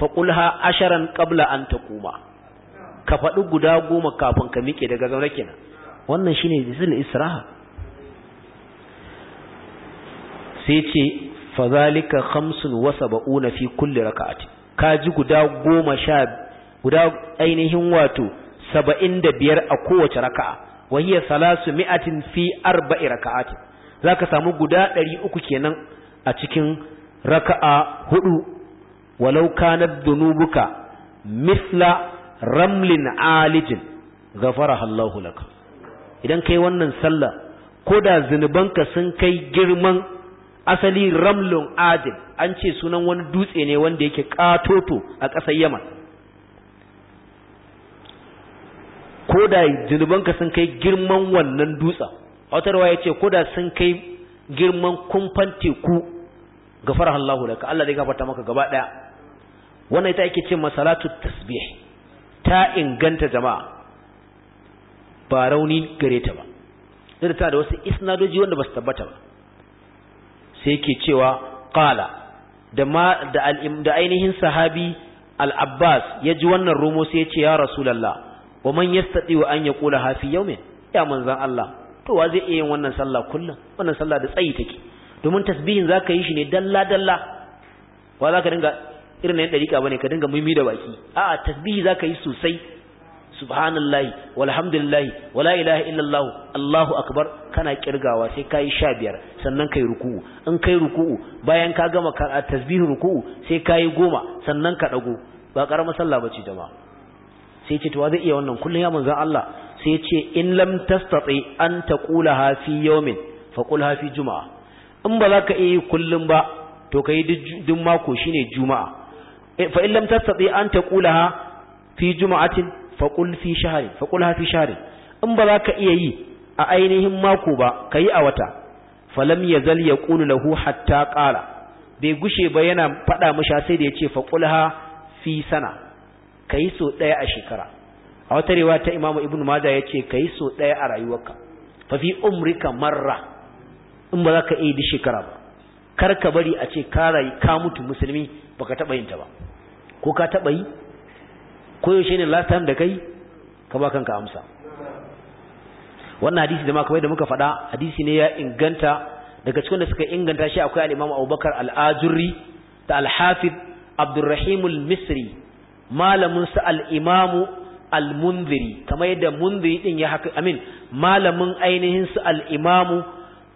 faƙulha asharan ƙabla an ta kuma ka faɗi guda goma kafin ka miƙe daga zaune kenan wannan shine zil israha sai ce fa fazalika khamsun wa sab'una fi kulli raka'ati ka ji guda goma sha guda ainihin wato saba'in da biyar a kowace raka'a wa hiya salasu mi'atin fi arba'i raka'atin za ka samu guda ɗari uku kenan a cikin raka'a hudu walau kanar dunubuka misla ramlin alijin fara Allahu laka idan kai wannan sallah ko da zunubanka sun kai girman asali ramlin adil an ce sunan wani dutse ne wanda yake katoto a ƙasar yaman ko da zunubanka sun kai girman wannan dutsen autarwa ya ce da sun kai girman kumfan teku gafara Allahu laka Allah zai gafarta maka gaba daya wannan ita ake ce masalatu tasbih ta inganta jama'a ba rauni gare ta ba da ta da wasu isnadoji wanda ba su tabbata ba sai yake cewa qala da ma da da ainihin sahabi al-Abbas ya ji wannan rumo sai ya ce ya Rasulullah wa man yastati wa an yaqula ha fi yawmin ya manzon Allah to wa zai iya yin wannan sallah kullum wannan sallah da tsayi take domin tasbihin zaka yi shi ne dalla dalla wa zaka dinga irin nan dariƙa bane ka dinga mimi da baki a'a tasbihi zaka yi sosai subhanallahi walhamdulillahi wala ilaha illallah allahu akbar kana kirgawa sai kai 15 sannan kai ruku'u in kai ruku'u bayan ka gama ka tasbihin ruku'u sai kai goma sannan ka dago ba karamar sallah bace jama'a sai ce to wa zai iya wannan kullum ya manzon Allah sai ce in lam tastati an taqulaha fi yawmin fa qulha fi juma'a in ba za ka iya kullum ba to kai duk mako shine juma'a eh, fa in lam tastati an taqulaha fi juma'atin fa qul fi shahri fa qulha fi shahri in ba za ka iya yi a ainihin mako ba kai a wata lam yazal yaqulu lahu hatta qala bai gushe ba yana faɗa masa sai da yace fa qulha fi sana kai so ɗaya a shekara a wata riwa ta imamu ibnu ce, ka yi so ɗaya a rayuwarka fa fi umrika marra in ba za ka iya shekara ba kar ka bari a ce ka rayu ka mutu musulmi ba ka taɓa yin ta ba ko ka taɓa yi ko yaushe ne last time da kai ka ba kanka amsa wannan hadisi da makamai da muka faɗa hadisi ne ya inganta daga cikin da suka inganta shi akwai al'imamu Abubakar Al'ajurri da Alhafi abdurrahimul misri malamin sa al al-munziri kamar yadda Mundiri din ya haka amin malamin ainihin su al-imamu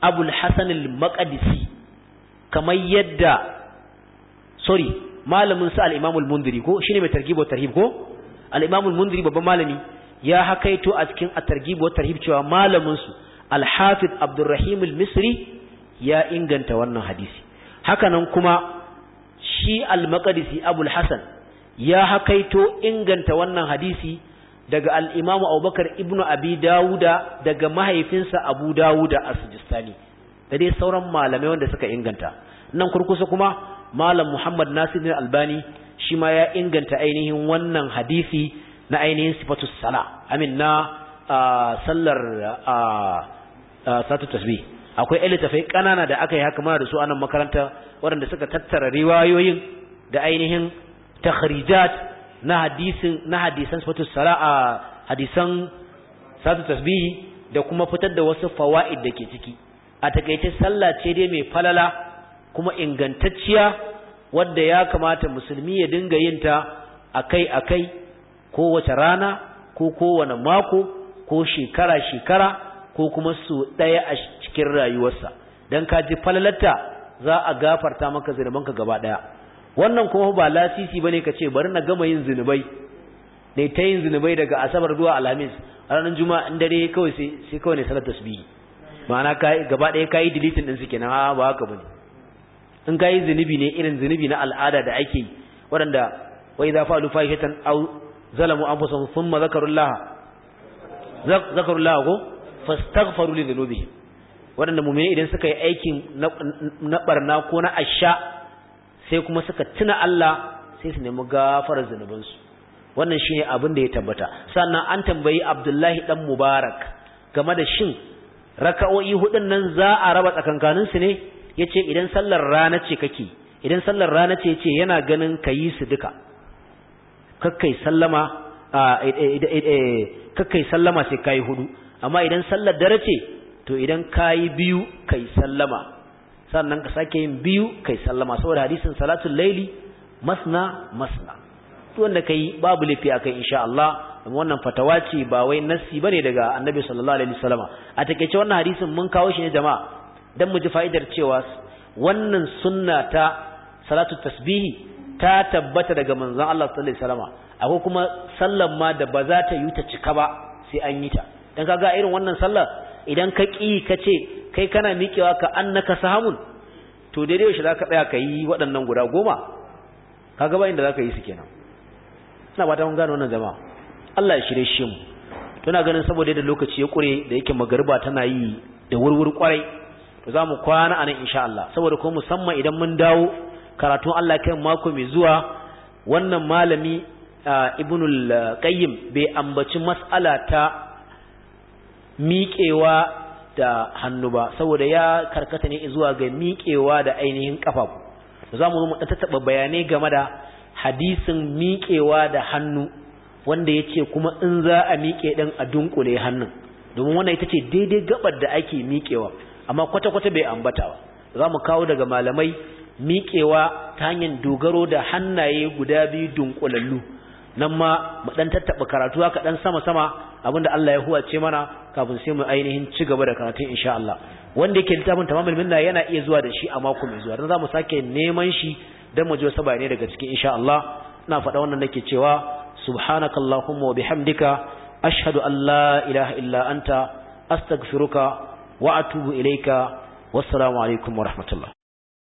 abul hasan al-maqdisi kamar yadda sorry malamin su al-imamu al-munziri ko shine mai targhib wa tarhib ko al-imamu al-munziri babban malami ya hakaito a cikin at-targhib wa tarhib cewa malamin su al-hafiz abdurrahim al-misri ya inganta wannan hadisi hakanan kuma shi al-maqdisi abul hasan ya hakaito inganta wannan hadisi daga al'imamu abubakar ibn abi dawuda daga mahaifinsa abu dawuda a sujistani da dai sauran malamai wanda suka inganta nan kurkusa kuma malam muhammad nasir albani shi ma ya inganta ainihin wannan hadisi na ainihin sifatu sala amin na sallar satu tasbih akwai ɗan ƙanana da aka yi haka mana da su anan makaranta waɗanda suka tattara riwayoyin da ainihin takhrijat na hadisi na hadisan sifatu sara'a hadisan sadu tasbih da kuma fitar da wasu fawaid da ke ciki a takaice sallah ce dai mai falala kuma ingantacciya wadda ya kamata musulmi ya dinga yin ta akai-akai kowace rana ko kowane mako ko shekara-shekara ko kuma su ɗaya a cikin rayuwarsa don ka ji falalarta za a gafarta maka zunubanka gaba ɗaya wannan kuma ba lasisi bane ka ce bari na gama yin zinubai ne ta yin zinubai daga asabar zuwa alhamis ranar juma'a in dare kawai sai sai kawai ne salat tasbihi ma'ana kai gaba ɗaya kai deleting din su kenan a ba haka bane in kai zinubi ne irin zinubi na al'ada da ake yi waɗanda wa idza fa'alu fahitan aw zalamu anfusahum thumma zakarullah zakarullah ko fastaghfiru li dhunubihim waɗanda mu'mini idan suka yi aikin na barna ko na asha sai kuma suka tuna Allah sai su nemi gafarar zunubansu wannan shine abin da ya tabbata sannan an tambayi Abdullahi dan Mubarak game da shin raka'o'i hudun nan za a raba tsakankanin su ne yace idan sallar rana ce kake idan sallar rana ce yace yana ganin kayi su duka kakkai sallama e, e, e, kakkai sallama sai kayi hudu amma idan sallar dare ce to idan kayi biyu kai sallama sannan ka sake yin biyu kai sallama saboda hadisin salatul laili masna masna to wanda kai babu lafi akai insha Allah wannan fatawa ce ba wai nassi bane daga Annabi sallallahu alaihi wasallam a takeice wannan hadisin mun kawo shi ne jama'a dan mu ji fa'idar cewa wannan sunna ta salatu tasbihi ta tabbata daga manzon Allah sallallahu alaihi wasallam akwai kuma sallar ma da ba za ta yi ta cika ba sai an yi ta dan kaga irin wannan sallar idan ka ki ka ce kai kana miƙewa ka ka sahamun to daidai yaushe zaka tsaya ka yi waɗannan guda goma ka gaba inda ka yi su kenan ina ba ta mun gano wannan zama. Allah ya shirye shi mu tuna ganin saboda yadda lokaci ya ƙure da yake magariba tana yi da wurwur kwarai to za mu kwana anan insha Allah saboda ko musamman idan mun dawo karatu Allah kai mako mai zuwa wannan malami ibnul qayyim bai ambaci mas'ala ta miƙewa da hannu ba saboda ya karkata ne zuwa ga miƙewa da ainihin ƙafafu za mu zo mu tattaɓa bayanai game da hadisin miƙewa da hannu wanda ya ce kuma in za a miƙe ɗan a dunƙule hannun domin wannan ita ce daidai gabar da ake miƙewa amma kwata-kwata bai ambata ba za mu kawo daga malamai miƙewa ta hanyar dogaro da hannaye guda biyu dunƙulallu nan ma mu dan tattaba karatu haka dan sama sama abinda Allah ya huwace mana kafin sai mu ainihin ci gaba da karatu insha Allah wanda yake littafin tamamul minna yana iya zuwa da shi a mako mai zuwa dan zamu sake neman shi dan mu je wasu bayanai daga cikin insha Allah ina faɗa wannan nake cewa subhanakallahumma wa bihamdika ashhadu an la ilaha illa anta astaghfiruka wa atubu ilayka wassalamu alaikum wa rahmatullah